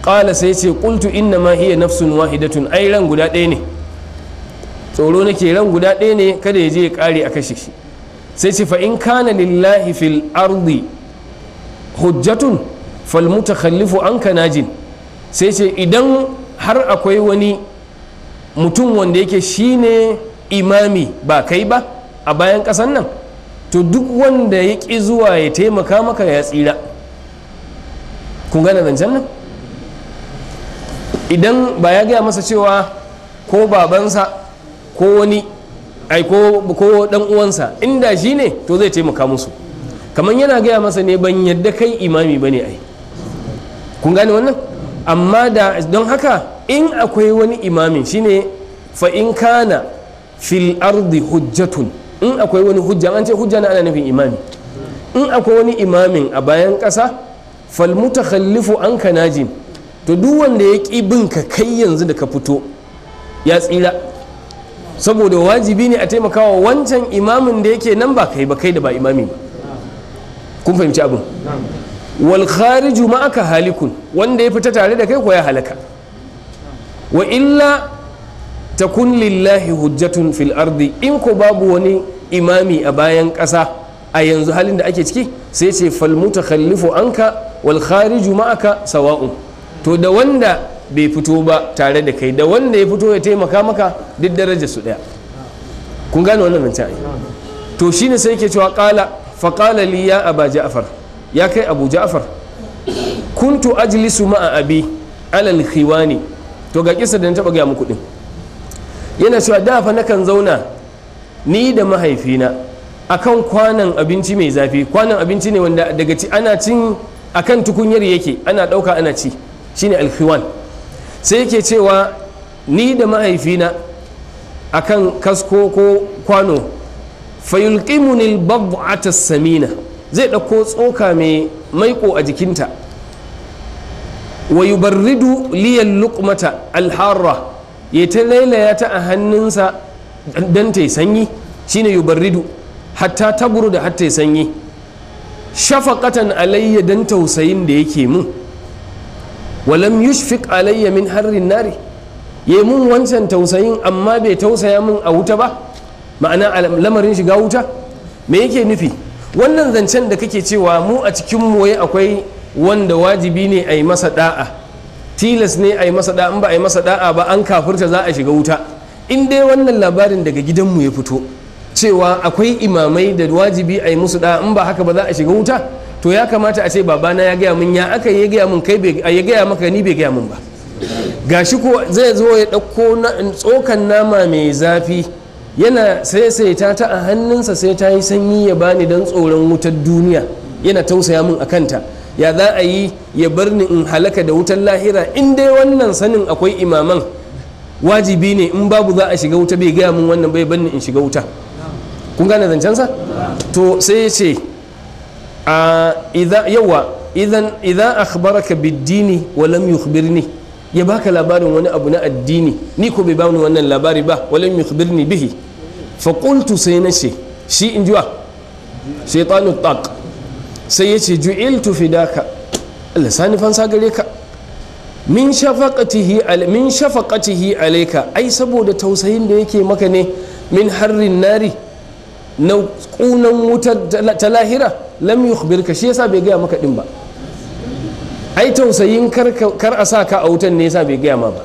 qala sai yace qultu inna ma hiya nafsun wahidatun ai ran guda ɗaya ne tsoro nake ran guda ɗaya ne kada ya je ya kare a kashe shi sai ce fa in kana lillahi fil ardi hujjatun fal mutakhallifu an kanajin sai ce idan har akwai wani mutum wanda yake shine imami ba kai ba a bayan ƙasan nan to duk wanda ya ƙi zuwa ya taimaka maka ya tsira kun gane zancen nan idan ba ya gaya masa cewa ko babansa ko wani ai ko dan uwansa inda shi ne to zai taimaka musu kamar yana gaya masa ne ban yadda kai imami bane ai kun gane wannan amma da don haka in akwai wani imamin shine fa in kana fil ardi hujjatun in akwai wani hujja an ce hujja na ana nufin imami in akwai wani imamin a bayan ƙasa fal mutakhallifu an kanajin to duk wanda ya ki bin ka kai yanzu da ka fito ya tsira saboda wajibi ne a taimakawa wancan imamin da yake nan ba kai ba kai da ba imami ba kun fahimci abin wal khariju ma'aka halikun wanda ya fita tare da kai ko ya halaka wa illa takun lillahi hujjatun fil ardi in ko babu wani imami a bayan ƙasa a yanzu halin da ake ciki sai ce fal anka wal khariju ma'aka sawa'un to da wanda bai fito ba tare da kai da wanda ya fito ya taimaka maka duk daraja su daya kun gane wannan zancen ai to shine sai yake cewa qala fa qala li ya aba ja'far ya kai abu ja'far kuntu ajlisu ma'a abi alal khiwani to ga kisa da na taba ga muku din yana cewa da fa nakan zauna ni da mahaifina akan kwanan abinci mai zafi kwanan abinci ne wanda daga ci ana cin akan tukunyar yake ana dauka ana ci shine al-khiwani sai yake cewa ni da mahaifina a kan kasko ko kwano babu bab'ata samina zai ɗauko tsoka mai maiko a jikinta wa barridu liyan lukmata alharra ya ta lailaya ta a hannunsa dan ta yi sanyi shine barridu hatta taburu da hatta yi sanyi shafa katan alayya dan tausayin da yake mun walam yushfiq alayya min harrin nari ya mun wancan tausayin amma bai tausaya mun a wuta ba ma'ana lamarin shiga wuta me yake nufi wannan zancen da kake cewa mu a cikin moye akwai wanda wajibi ne a yi masa da'a tilas ne a yi masa da'a in ba a yi masa da'a ba an kafurta za a shiga wuta in dai wannan labarin daga gidanmu ya fito cewa akwai imamai da wajibi a yi musu da'a in ba haka ba za a shiga wuta to ya kamata a ce babana ya gaya mun ya aka yi gaya min kai ya gaya maka ni bai gaya mun ba gashi ko zai zo ya ɗauko tsokan nama mai zafi yana sai ta a hannunsa sai ta yi sanyi ya bani don tsoron wutar duniya yana tausaya mun a kanta ya za a yi ya bar ni in halaka da wutar lahira in dai wannan sanin akwai imaman wajibi ne in babu za a shiga wuta bai gaya min wannan bai bar in shiga wuta kun gane zancensa to sai ya ce idza yawa idan idan akhbaraka biddini dini wa lam yukhbirni ya baka labarin wani abu na addini ni ko bai bani wannan labari ba wa lam yukhbirni bihi fa qultu sai nace shi injuwa shaytanu taq sai yace ju'iltu fidaka Allah sani fansa gare ka min shafaqatihi min shafaqatihi alayka ai saboda tausayin da yake maka ne min harrin nari na kunan wutar ta lahira lam yukhbirka shi yasa bai gaya maka din ba ai tausayin kar a sa ka a wutan ne yasa bai gaya ma ba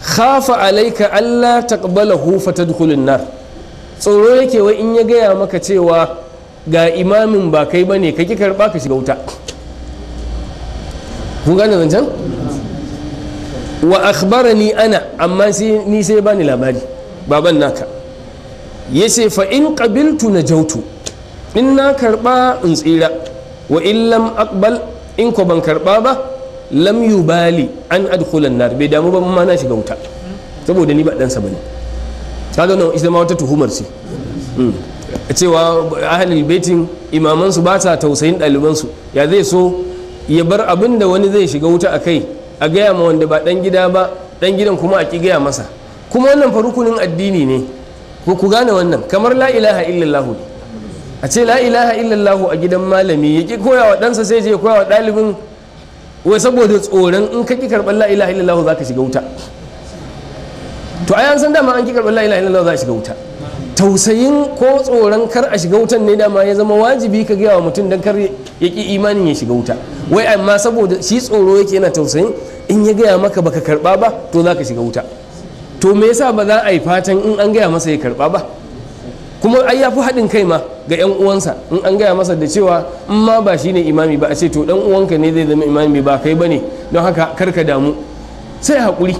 khafa alaika Allah taqbalahu fatadkhulun nar tsoro yake wai in ya gaya maka cewa ga imamin ba kai bane ka ki karba ka shiga wuta kun gane zancen wa akhbarani ana amma ni sai bani labari baban naka yace fa in qabiltu najautu in na karba in tsira wa in lam aqbal in ko ban karba ba lam yubali an adkhulan nar bai damu ba ma na shiga wuta saboda ni ba dan sa bane kaga nan ita ma wata tuhumar ce hmm. cewa ahlul baitin imaman su ba ta tausayin ɗaliban su ya zai so ya bar abin da wani zai shiga wuta a kai a gaya ma wanda ba dan gida ba dan gidan kuma a ki gaya masa kuma wannan farukunin addini ne ku gane wannan kamar la ilaha illallah ne a ce la ilaha illallahu a gidan malami ya ki koya wa ɗansa sai je koya wa ɗalibin wai saboda tsoron in ka ki karɓar la ilaha illallahu za ka shiga wuta to a san dama an ki karɓar la ilaha illallahu za a shiga wuta tausayin ko tsoron kar a shiga wutan ne dama ya zama wajibi ka gaya wa mutum don kar ya ki imanin ya shiga wuta wai amma saboda shi tsoro yake yana tausayin in ya gaya maka baka karɓa ba to za ka shiga wuta to me yasa ba za a yi fatan in an gaya masa ya karɓa ba kuma ai ya fi haɗin kai ma ga 'yan uwansa in an gaya masa da cewa in ma ba shi ne imami ba a ce to dan uwanka ne zai zama imami ba kai ba ne don haka kar ka damu sai haƙuri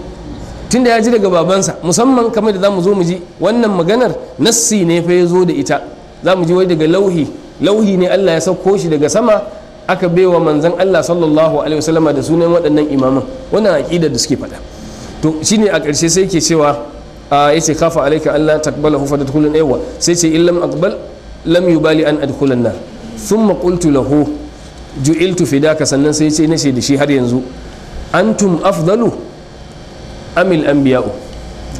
tunda ya ji daga babansa musamman kamar da za mu zo mu ji wannan maganar nassi ne fa ya zo da ita za mu ji wai daga lauhi lauhi ne allah ya sauko shi daga sama aka baiwa manzon allah sallallahu alaihi wasallama da sunan waɗannan imaman wannan aƙidar da suke faɗa to shine a ƙarshe sai ke cewa yace kafa alayka alla taqbalahu fa tadkhulun aywa sai ce illam aqbal lam yubali an adkhulan nar thumma qultu lahu ju'iltu fidaka sannan sai ce nace da shi har yanzu antum afdalu amil anbiya'u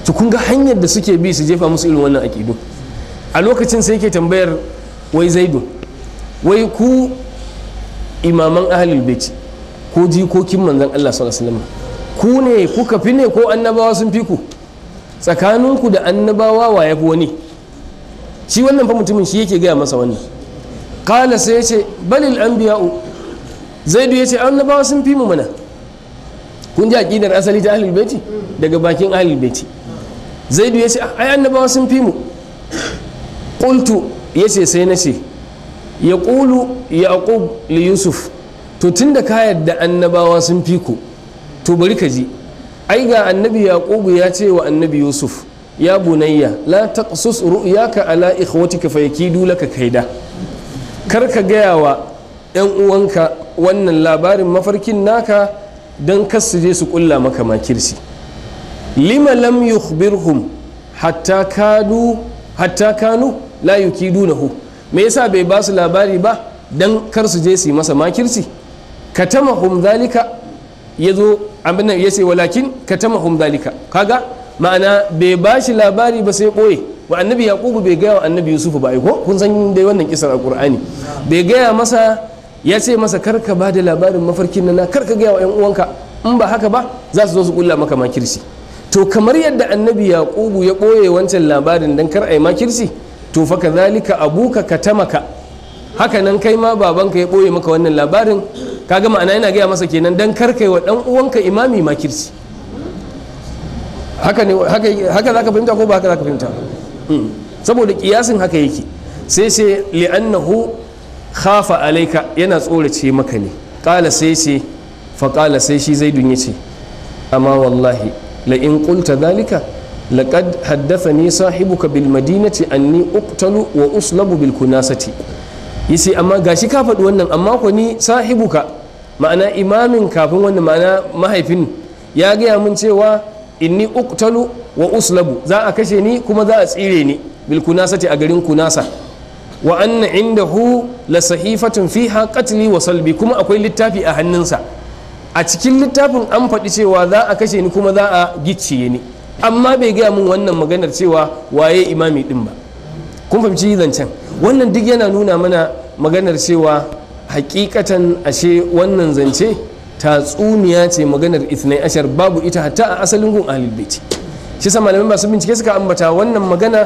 to kun ga hanyar da suke bi su jefa musu irin wannan aqidu a lokacin sai yake tambayar wai zaidu wai ku imaman ahlul bait ko jikokin manzon Allah sallallahu alaihi wasallam ku ne kuka fi ne ko annabawa sun fi ku tsakaninku da annabawa wa ya fi wani shi wannan fa mutumin shi yake gaya masa wannan kala sai ya ce balil u zai ya ce annabawa sun fi mu mana kun ji aƙidar asali ta ahlul beti daga bakin ahlul beti zai ya ce ai annabawa sun fi mu kultu ya ce sai na ce ya ƙulu yaqub li yusuf to tunda ka yadda annabawa sun fi ku to bari ka ji ai ga annabi yaqubu ya ce wa annabi yusuf ya bunayya la taqsus ru'yaka ala ikhwatika yakidu laka kaida kar ka gaya wa yan uwanka wannan labarin mafarkin naka don kasu je su kulla maka makirsi lima lam yukhbirhum hatta kanu hatta kanu la yukidunahu me yasa bai ba su labari ba dan kar su je su yi masa makirsi katamahum zalika ya zo abin nan ya ce walakin ka tama zalika kaga ma'ana bai ba shi labari ba sai ɓoye wa annabi yaqubu bai gaya wa annabi yusufu ba ko kun san dai wannan kisar a bai gaya masa ya ce masa kar ka ba da labarin mafarkin nan kar ka gaya wa yan uwanka in ba haka ba za su zo su kulla maka makirsi to kamar yadda annabi yaqubu ya ɓoye wancan labarin dan kar a yi makirsi to fa kadhalika abuka katamaka haka nan kai ma babanka ya ɓoye maka wannan labarin kaga ma'ana yana gaya masa kenan dan karkai wa dan uwanka imami makirci haka ne haka zaka fahimta ko ba haka zaka fahimta hmm. saboda kiyasin haka yake sai sai li'annahu khafa alaika yana tsorace maka ne kala sai sai fa kala sai shi zaidun yace amma wallahi la in qulta dhalika laqad haddathani sahibuka bil madinati anni uqtalu wa uslabu bil kunasati yace amma gashi ka faɗi wannan amma ko ni sahibuka ma'ana imamin kafin wanda ma'ana mahaifin ya gaya mun cewa inni uktalu wa uslabu za a kashe ni kuma za a tsire ni bil kunasati a garin kunasa wa anna indahu la sahifatun fiha qatli wa salbi kuma akwai littafi a hannunsa a cikin littafin an faɗi cewa za a kashe ni kuma za a gicciye ni amma bai gaya mun wannan maganar cewa waye imami din ba kun fahimci zancen wannan duk yana nuna mana maganar cewa hakikatan ashe wannan zance tatsuniya ce maganar itinai ashar babu ita hatta a asalin gun ahlul shi sa malamin masu bincike suka ambata wannan magana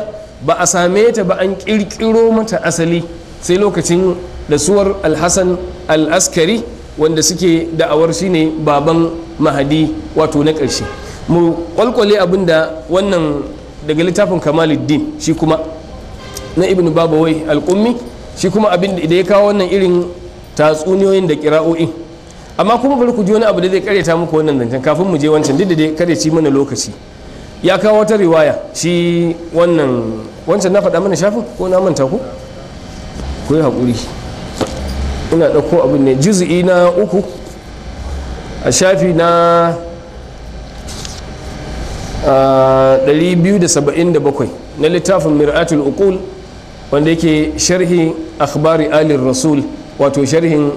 ba a same ta ba an kirkiro mata asali sai lokacin dasuwar suwar alhassan alaskari wanda suke da'awar shine baban mahadi wato na ƙarshe mu kwalkwale abin da wannan daga littafin kamaluddin shi kuma na ibn babawai al'ummi shi kuma abin da ya kawo wannan irin tatsuniyoyin da kira'o'in amma kuma bari ku ji wani abu da zai karyata muku wannan zancen kafin mu je wancan duk da dai kare ci mana lokaci ya kawo wata riwaya shi wannan wancan na faɗa mana shafin ko na manta ku ku yi haƙuri ina ɗauko abin ne juzu'i na uku a shafi na 277 na littafin mir'atul uqul wanda yake sharhi akhbari alir rasul wato sharhin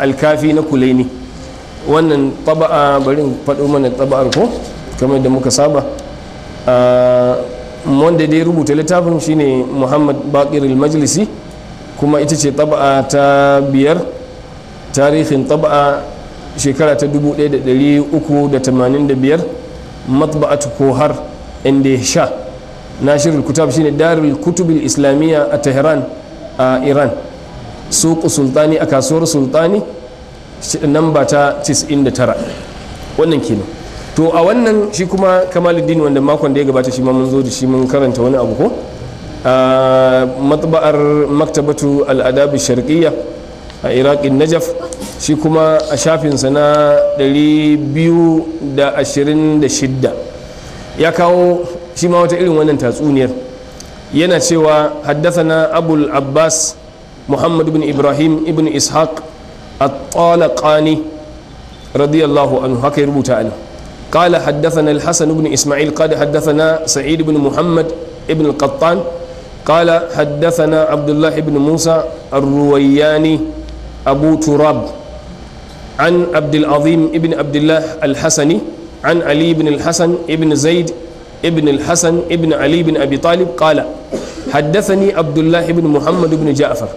alkafi na kulaini wannan taba'a bari faɗo mana taba'ar ko kamar da muka saba wanda dai rubuta littafin shine muhammad bakir majlisi kuma ita ce taba'a ta biyar tarihin taba'a shekara ta 1385 matba'at kohar inda sha nashirin kutab shine darul kutubil islamiyya a tehran a iran suku sultani a kasuwar sultani ba ta 99 wannan kenan to a wannan shi kuma kamaluddin wanda makon da ya gabata shi ma mun zo da shi mun karanta wani abu ko a matba'ar maktabatu al'adabi sharqiyya a iraqin najaf shi kuma a shafinsa na 226 ya kawo shi ma wata irin wannan tatsuniyar yana cewa haddasa na abul abbas محمد بن إبراهيم ابن إسحاق الطالقاني رضي الله عنه هكي تعالى قال حدثنا الحسن بن إسماعيل قال حدثنا سعيد بن محمد ابن القطان قال حدثنا عبد الله بن موسى الروياني أبو تراب عن عبد العظيم ابن عبد الله الحسني عن علي بن الحسن ابن زيد ابن الحسن ابن علي بن أبي طالب قال حدثني عبد الله بن محمد بن جعفر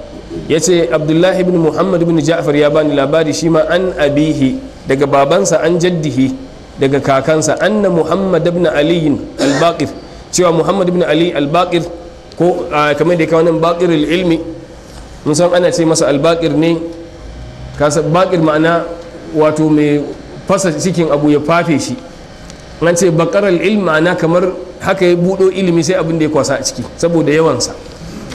ya ce abdullahi ibn muhammad ibn ja'far ya bani labari shi ma an abihi daga babansa an jaddihi daga kakansa anna muhammad ibn ali albaqir cewa muhammad ibn ali albaqir ko kamar da ya kawo nan baqir ilmi mun san ana ce masa albaqir ne kasa baqir ma'ana wato mai fasa cikin abu ya fafe shi an ce baqar ma'ana kamar haka ya budo ilimi sai abin da ya kwasa a ciki saboda yawansa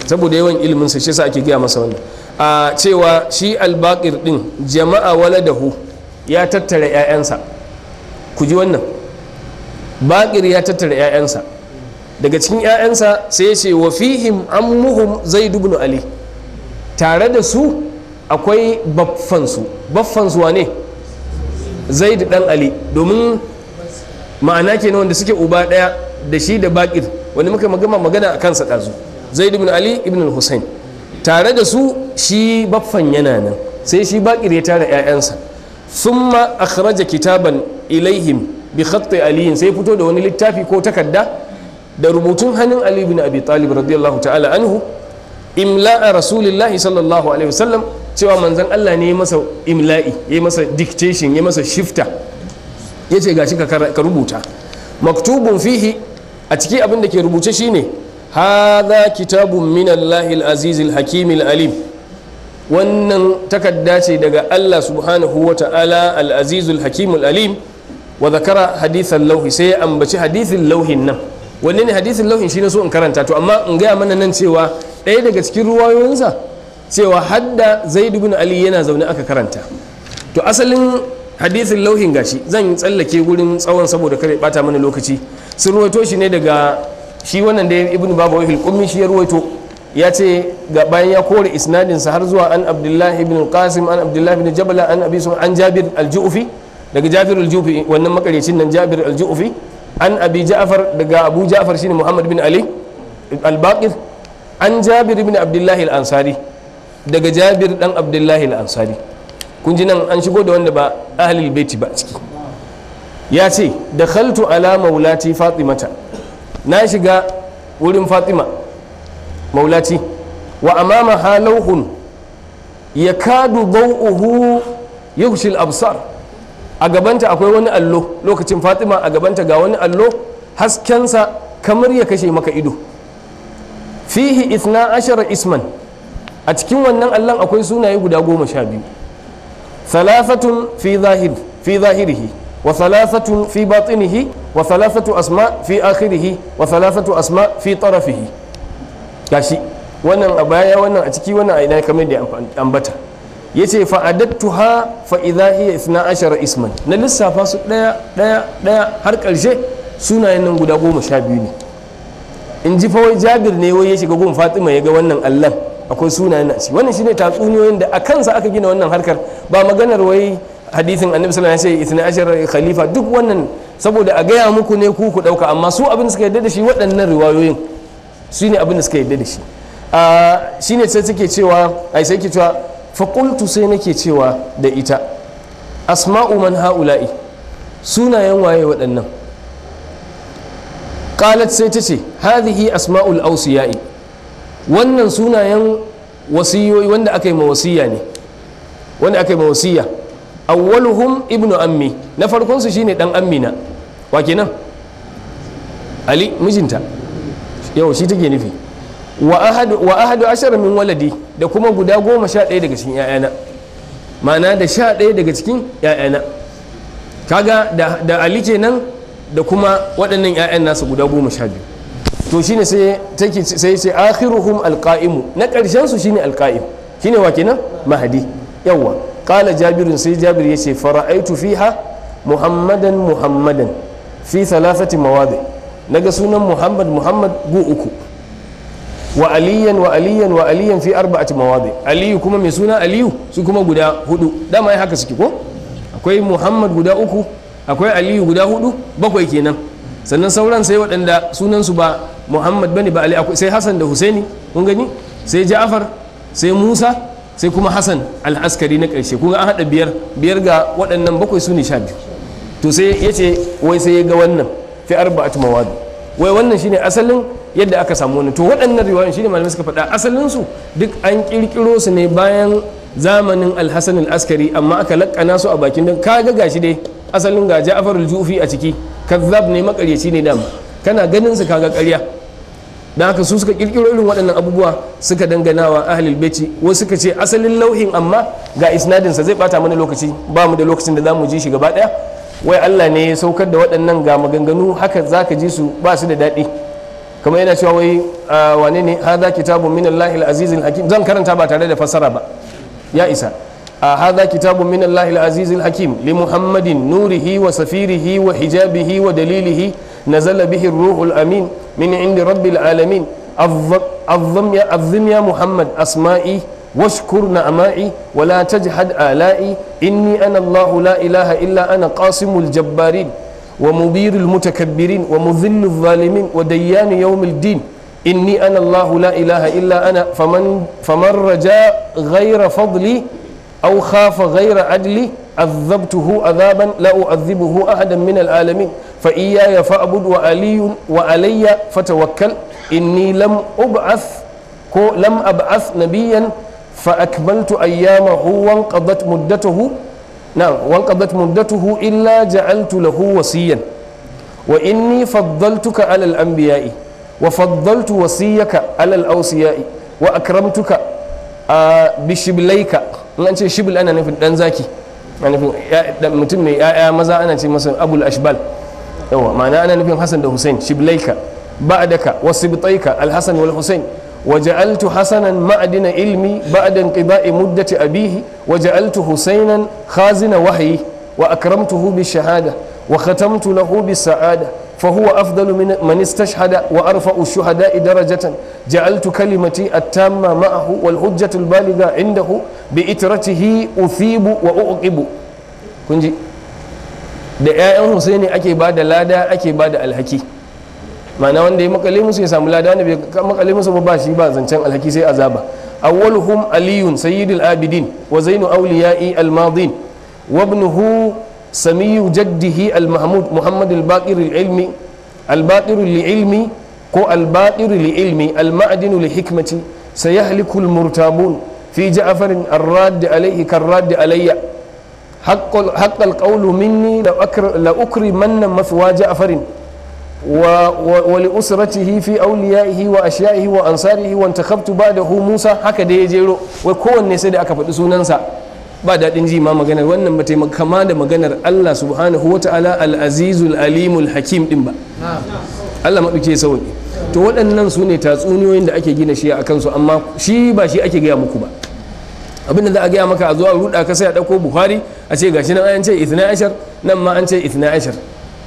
saboda yawan ilimin sa shi sa ake gaya masa wannan a cewa shi albaqir ɗin jama'a hu ya tattara ya'yansa ku ji wannan baƙir ya tattara ya'yansa daga cikin ya'yansa sai ya ce wa fihim zai zaid ali tare da su akwai baffansu baffansu wane da ɗan ali domin ma'ana kenan wanda suke uba ɗaya da shi da baƙir wani muka magana magana a kansa ɗazu zaid bin ali ibn al tare da su shi baffan yana nan sai shi baƙir ya tara yayansa ƴaƴansa ma akhraja kitaban ilaihim bi khatti aliyin sai fito da wani littafi ko takarda da rubutun hannun ali ibn abi talib radiyallahu ta'ala anhu imla'a rasulillahi sallallahu alaihi wasallam cewa manzon Allah ne ya masa imla'i ya masa dictation ya masa shifta yace gashi ka rubuta maktubun fihi a ciki abin da ke rubuce shine hadha kitabun min Allahil azizil hakimil alim wannan takarda ce daga Allah subhanahu wa ta'ala al-azizul hakimul alim wa zakara hadithan lauhi sai ya ambaci hadithin lauhin nan wanne ne hadithin lauhin shi na so in karanta to amma in gaya mana nan cewa ɗaya daga cikin ruwayoyinsa cewa hadda zaid ibn ali yana zaune aka karanta to asalin hadithin lauhin gashi zan tsallake wurin tsawon saboda kare bata mana lokaci sun ruwaito shi ne daga shi wannan da ibn babu wahil kummi shi ya ruwaito ya ce ga bayan ya kore isnadinsa har zuwa an abdullahi ibn qasim an abdullahi ibn jabala an abi an jabir al-ju'fi daga jabir al-ju'fi wannan makarecin nan jabir al-ju'fi an abi ja'far daga abu ja'far shine muhammad bin ali al-baqir an jabir ibn abdullahi al-ansari daga jabir dan abdullahi al-ansari kun ji nan an shigo da wanda ba ahlul baiti ba ciki ya ce dakhaltu ala maulati fatimata na shiga wurin fatima maulaci wa amama halauhun ya kadu bau'uhu yushil absar a gabanta akwai wani allo lokacin fatima a gabanta ga wani allo haskensa kamar ya kashe maka ido fihi isna ashara isman a cikin wannan allon akwai sunaye guda goma sha biyu thalathatun fi zahirihi وثلاثة في باطنه وثلاثة أسماء في آخره وثلاثة أسماء في طرفه gashi wannan a baya wannan a ciki wannan a ina kamar da ambata yace fa adattuha fa idha hiya 12 isman na lissafa su daya daya daya har karshe sunayen nan guda goma sha biyu ne in ji fa wai Jabir ne wai ya shiga gun Fatima ya ga wannan Allah akwai sunayen nan wannan shine tatsuniyoyin da a kansa aka gina wannan harkar ba maganar wai hadisin annabi sallallahu alaihi wasallam ya ce 12 khalifa duk wannan saboda a gaya muku ne ku ku dauka amma su abin da suka yadda da shi waɗannan riwayoyin su ne abin da suka yadda da shi shine sai suke cewa ai sai ke cewa fa qultu sai nake cewa da ita asma'u man haula'i sunayen waye waɗannan qalat sai ta ce hadhihi asma'ul awsiya'i wannan sunayen wasiyoyi wanda aka yi ma wasiya ne wanda aka yi ma wasiya awwaluhum ibnu ammi na farkon su shine dan ammina wa kenan ali mijinta yau shi take nufi wa ahadu wa ahadu ashara min waladi da kuma guda goma sha ɗaya daga cikin ‘ya’yana ma'ana da sha ɗaya daga cikin ‘ya’yana kaga da, da ali kenan da kuma waɗannan ‘ya’yan nasu guda goma sha biyu to shine sai take sai sai akhiruhum alqa'imu na karshen su shine alqa'im shine wa kenan mahadi yawwa qala jabiru sai jabir yace fara'aitu fiha muhammadan muhammadan fi thalathati mawadi naga sunan muhammad muhammad gu uku wa aliyan wa fi arba'ati mawadi aliyu kuma mai suna aliyu su kuma guda hudu ma ai haka suke ko akwai muhammad guda uku akwai aliyu guda hudu bakwai kenan sannan sauran sai waɗanda sunansu ba muhammad bane ba ali sai da husaini kun gani sai ja'far sai musa sai kuma hassan al'askari na ƙarshe kuma an haɗa biyar biyar ga waɗannan bakwai su ne sha biyu to sai ya ce wai sai ya ga wannan fi arba'atu mawadu wai wannan shine asalin yadda aka samu wannan to waɗannan riwayoyin shine malamai suka faɗa asalin su duk an kirkiro su ne bayan zamanin al-Askari amma aka lakkana su a bakin don kaga gashi dai asalin ga ja'far al-jufi a ciki kazzab ne makaryaci ne dama kana ganin su kaga ƙarya don haka su suka kirkiro irin waɗannan abubuwa suka dangana wa ahlul baiti wasu suka ce asalin lauhin amma ga isnadinsa zai bata mana lokaci ba mu da lokacin da za mu ji shi gaba ɗaya wai Allah ne ya saukar da waɗannan ga maganganu haka za ka ji su ba su da daɗi kamar yana cewa wai ah, wane ne hadha kitabun min Allahil azizil hakim zan karanta ba tare da fassara ba ya isa هذا ah, hakim من الله nurihi wa safirihi wa hijabihi wa dalilihi نزل به ruhul amin. من عند رب العالمين الظم يا, الظم يا محمد أسمائي واشكر نعمائي ولا تجحد آلائي إني أنا الله لا إله إلا أنا قاسم الجبارين ومبير المتكبرين ومذل الظالمين وديان يوم الدين إني أنا الله لا إله إلا أنا فمن, فمن رجاء غير فضلي أو خاف غير عدلي azabtuhu azaban la u'azzibuhu ahadan min al'alamin fa iyaya fa'bud wa wa alayya fatawakkal inni lam ub'ath ko lam ab'ath nabiyan fa akmaltu ayyamahu wa qadat muddatuhu illa ja'altu lahu wasiyan wa inni faddaltuka 'ala anbiyai wa faddaltu wasiyaka 'ala al wa akramtuka bishiblaika in an ce shibil ana nufin ɗan zaki mutum ne ya maza ana ce masa abul ashbal yawa ma'ana ana nufin hasan da hussein shiblaika ba'daka wasu bitaika alhassan wal hussein waja'altu hasanan ma'adina ilmi ba'dan qida'i muddati abihi waja'altu husainan khazina wahyi wa akramtuhu hubi shahada wa katamtu lahu hubi sa'ada فهو أفضل من من استشهد وأرفع الشهداء درجة جعلت كلمتي التامة معه والحجة البالغة عنده بإترته أثيب وأعقب كنجي da 'ya'yan husaini ake ba da lada ake ba da alhaki ma'ana wanda ya makale musu ya samu lada ne bai makale musu ba shi ba zancen alhaki sai azaba awwaluhum aliyun sayyidul abidin wa zainu awliya'i al-madin wa samiyu jaddihi al-mahmud muhammad al li-ilmi ko al-baqir li-ilmi al-ma'din li-hikmati murtabun fi ja'farin ar-radd alayhi kar-radd alayya حق القول مني لأكرمن مثوى جعفر و ولأسرته في أوليائه وأشيائه وأنصاره وانتخبت بعده موسى هكذا يجيرو وكون نسيد أكفت سننسا ba daɗin ji ma maganar wannan bata kama da maganar Allah subhanahu wa ta'ala al-azizul alimul hakim din ba Allah maɗauke sauƙi to waɗannan su ne tatsuniyoyin da ake gina shi a kansu amma shi ba shi ake gaya muku ba abinda za a gaya maka a zuwa ruɗa ka sai a ɗauko buhari a ce gashi nan an ce ithna ashar nan ma an ce ithna ashar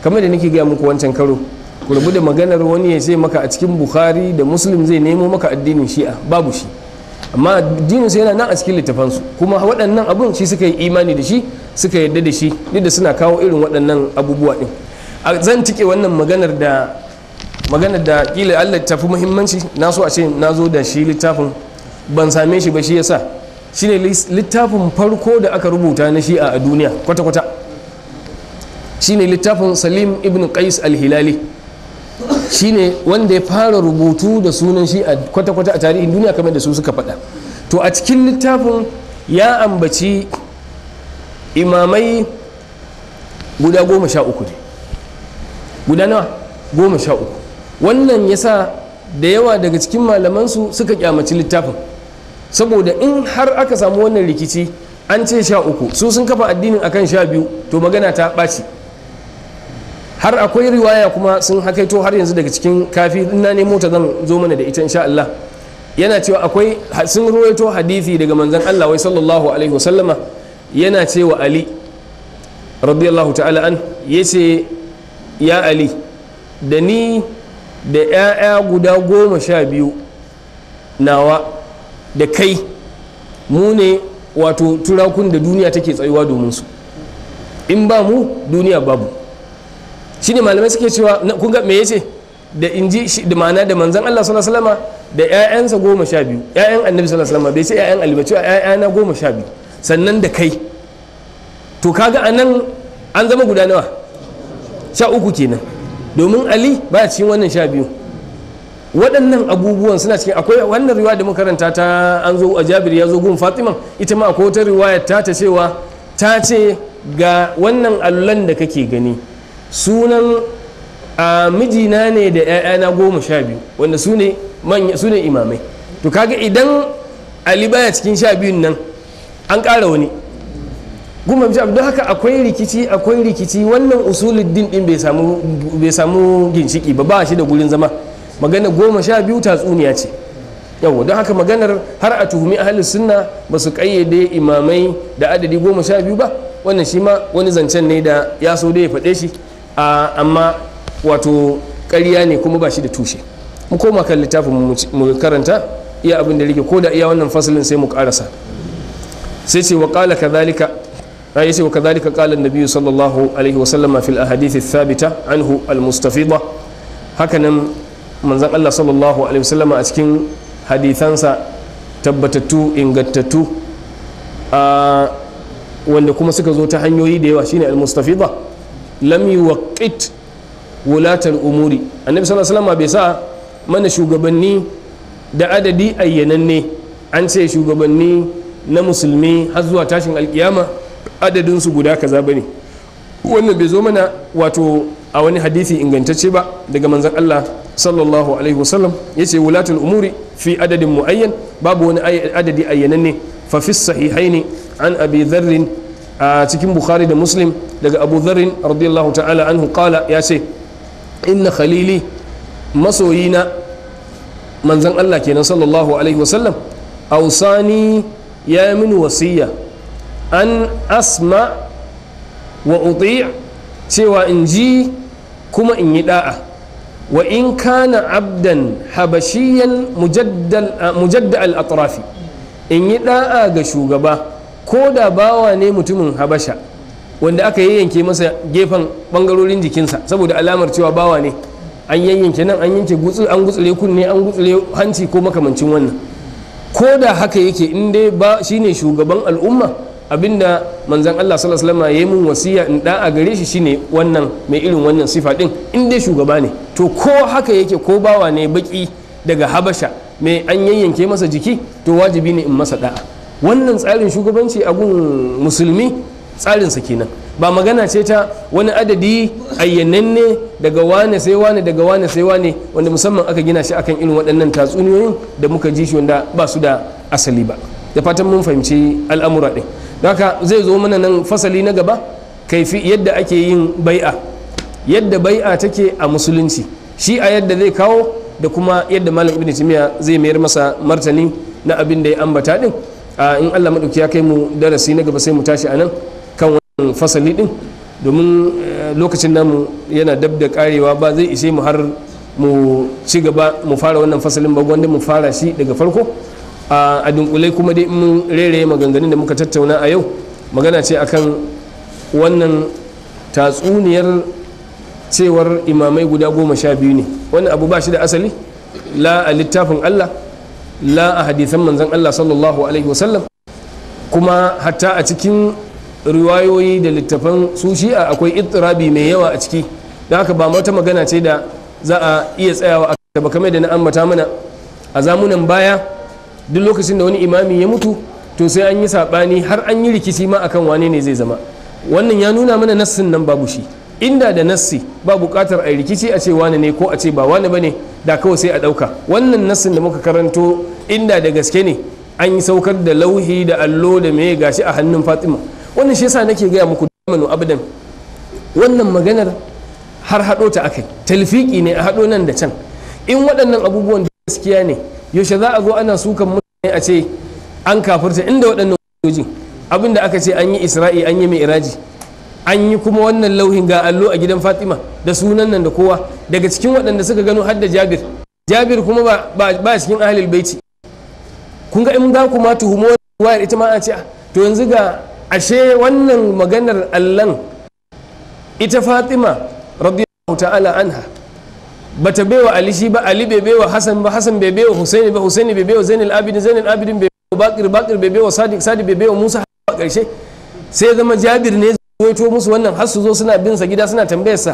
kamar da nake gaya muku wancan karo ku rabu da maganar wani ya ce maka a cikin buhari da muslim zai nemo maka addinin shi'a babu shi amma addinin su yana nan a cikin littafan su kuma waɗannan abun shi suka yi imani da shi suka yarda da shi duk da suna kawo irin waɗannan abubuwa din zan tike wannan maganar da maganar da kila Allah ta fi muhimmanci na so a ce na zo da shi littafin ban same shi ba shi yasa shine littafin farko da aka rubuta na shi a duniya kwata-kwata shine littafin salim ibn qais al-hilali shine wanda ya fara rubutu da sunan shi a kwata-kwata a tarihin duniya kamar da su suka faɗa to a cikin littafin ya ambaci imamai guda goma sha uku ne guda nawa goma sha uku wannan ya sa da yawa daga cikin malamansu suka kyamaci littafin saboda in har aka samu wannan rikici an ce sha uku su sun kafa addinin akan sha biyu to magana ta ɓaci har akwai riwaya kuma sun hakaito har yanzu daga cikin kafi na nemo ta zan zo mana da ita insha Allah yana cewa akwai sun ruwaito hadisi daga manzon Allah wai sallallahu alaihi wasallama yana cewa Ali radiyallahu ta'ala an yace ya Ali da ni da 'ya'ya guda goma sha biyu nawa da kai mu ne wato turakun da duniya take tsayuwa domin su in ba mu duniya babu ne malamai suke cewa kun ga me yace da inji da ma'ana da manzan Allah sallallahu alaihi wasallam da ƴaƴansa goma sha biyu ƴaƴan annabi sallallahu alaihi wasallam bai ce ƴaƴan alibaci ba ƴaƴana goma sha biyu sannan da kai to kaga anan an zama guda nawa sha uku kenan domin ali ba cikin wannan sha biyu waɗannan abubuwan suna cikin akwai wannan riwaya da muka karanta ta an zo a jabir ya zo gun fatima ita ma akwai wata riwaya ta ta cewa ta ce ga wannan allon da kake gani sunan a mijina ne da 'ya'yana goma sha biyu wanda su ne imamai to kaga idan ali baya cikin sha biyun nan an ƙara wani goma sha don haka akwai rikici akwai rikici wannan usulun din din bai samu ginshiki ba ba shi da gurin zama magana goma sha biyu tatsuniya ce yau don haka maganar har a tuhumi ahalin sunna ba su kayyade imamai da adadi goma sha biyu ba wannan shi ma wani zancen ne da ya so da ya faɗe shi amma wato ƙarya ne kuma ba shi da tushe mu koma kan littafin mu karanta iya abin da rike ko da iya wannan fasalin sai mu karasa sai ce wa qala kadhalika ya ce wa nabi sallallahu alaihi wa sallam fil ahadith thabita anhu al-mustafida hakanan manzan Allah sallallahu alaihi wa sallam a cikin hadithansa tabbatattu ingantattu wanda kuma suka zo ta hanyoyi da yawa shine al-mustafida lam yuwaqqit wulatar umuri annabi sallallahu alaihi wasallam bai sa mana shugabanni da adadi ayyananne an ce shugabanni na musulmi har zuwa tashin alkiyama adadin su guda kaza bane wannan bai zo mana wato a wani hadisi ingantacce ba daga manzon Allah sallallahu alaihi wasallam yace wulatul umuri fi adadin muayyan babu wani adadi ayyananne fa fi sahihaini an abi dharr a cikin bukhari da muslim daga abu zarin radiyallahu ta'ala anhu kala ya ce inna khalili masoyina manzan allah kenan sallallahu alaihi wasallam ausani ya mini wasiya an asma wa uti cewa in ji kuma in yi da'a wa in kana abdan habashiyan mujadda al-atrafi in yi da'a ga shugaba ko da bawa ne mutumin habasha wanda aka yayyanke masa gefen bangarorin jikinsa saboda alamar cewa bawa ne an yayyanke nan an yanke gutsu an gutsure kunne an gutsure hanci ko makamancin wannan ko da haka yake in dai ba shine shugaban al'umma abinda manzan Allah sallallahu alaihi wasallam ya mun wasiya in da a gare shi shine wannan mai irin wannan sifa din in dai shugaba ne to ko haka yake ko bawa ne baki daga habasha mai an yayyanke masa jiki to wajibi ne in masa da'a wannan tsarin shugabanci a gun musulmi tsarinsa kenan ba magana ce ta wani adadi ayyananne daga wane sai wane daga wane sai wane wanda musamman aka gina shi akan irin waɗannan tatsuniyoyin da muka ji shi wanda ba su da asali ba da fatan mun fahimci al'amura ɗin haka zai zo mana nan fasali na gaba kaifi yadda ake yin bai'a yadda bai'a take a musulunci shi a yadda zai kawo da kuma yadda malam ibn timiya zai mayar masa martani na abin da ya ambata ɗin in allah maɗauki ya kai mu darasi na gaba sai mu tashi a nan kan wannan fasali ɗin domin eh, lokacin namu yana dab da karewa ba zai ishe mu har mu ci gaba mu fara wannan fasalin ba wanda mu fara shi daga farko a dunkulai kuma dai mun rere maganganun da muka tattauna a yau magana ce akan wannan tatsuniyar cewar imamai guda goma sha biyu ne wani abu ba shi da asali la a littafin allah la a hadisan manzon Allah sallallahu alaihi wasallam kuma hatta a cikin riwayoyi da littafan su shi'a akwai itirabi mai yawa a ciki da haka ba wata magana ce da za a iya tsayawa a kan ba kamar da na ambata mana a zamunan baya duk lokacin da wani imami ya mutu to sai an yi saɓani har an yi rikici ma akan wane ne zai zama wannan ya nuna mana nassin nan babu shi inda da nassi ba buƙatar a rikici a ce wani ne ko a ce ba wani ba ne da kawai sai a ɗauka wannan nassin da muka karanto inda da gaske ne an yi saukar da lauhi da allo da me gashi a hannun fatima wannan shi yasa nake gaya muku manu abdan wannan maganar har haɗo ta akai talfiki ne a haɗo nan da can in waɗannan abubuwan gaskiya ne yaushe za a zo ana sukan mutane a ce an kafirta inda waɗannan abin da aka ce an yi isra'i an yi mai iraji an yi kuma wannan lauhin ga allo a gidan fatima da sunan nan da kowa daga cikin waɗanda suka gano har da jabir jabir kuma ba cikin ahalil baiti kun ga in ga kuma tuhumo wayar ita ma a ce ah, to yanzu ga ashe wannan maganar allan ita fatima radiyallahu ta'ala anha bata baiwa ali shi ba ali bai baiwa hasan ba hasan bai baiwa husaini ba husaini bai baiwa zainul abidin zainul abidin bai baiwa bakir bakir bai baiwa sadiq sadiq bai baiwa musa a karshe sai zama jabir ne waito musu wannan har su zo suna bin sa gida suna tambayar sa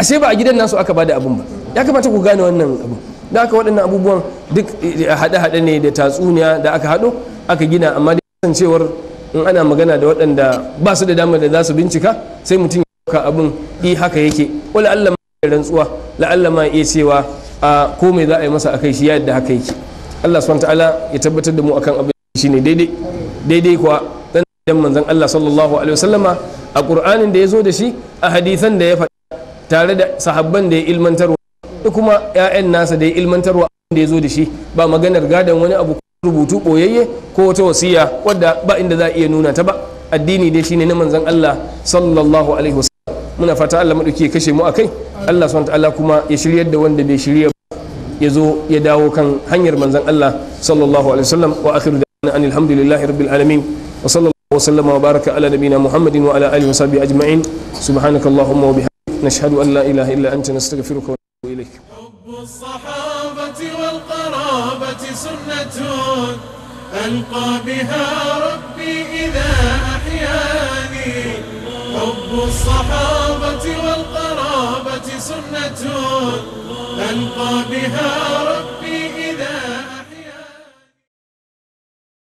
ashe ba a gidan nasu aka bada abun ba ya kamata ku gane wannan abu da aka waɗannan abubuwan duk eh, haɗe-haɗe ne da tatsuniya da aka haɗo aka gina amma da kasancewar in ana magana da waɗanda ba su da damar da za su bincika sai mutum ya ɗauka abun i haka yake ko la'allama ma rantsuwa la'alla ma iya cewa a ko mai za a yi masa a kai shi ya yadda haka yake Allah subhanahu ta'ala ya tabbatar da mu akan abin ne daidai daidai kuwa dan manzon Allah sallallahu alaihi wasallama a ƙur'anin da ya zo da shi a hadisan da ya faɗi tare da sahabban da ya ilmantarwa da kuma 'ya'yan nasa da ya ilmantarwa da ya zo da shi ba maganar gadon wani abu rubutu ɓoyayye ko wata wasiya wadda ba inda za a iya nuna ta ba addini dai shine na manzon Allah sallallahu alaihi wasallam muna fata Allah madauki ya kashe mu akai Allah subhanahu ta'ala kuma ya shiryar da wanda bai shirya ya zo ya dawo kan hanyar manzon Allah sallallahu alaihi wasallam wa akhiru da anil hamdulillahi rabbil alamin wa وسلم وبارك على نبينا محمد وعلى آله وصحبه أجمعين سبحانك اللهم وبحمدك نشهد أن لا إله إلا أنت نستغفرك ونتوب إليك حب الصحابة والقرابة سنة ألقى بها ربي إذا أحياني حب الصحابة والقرابة سنة ألقى بها ربي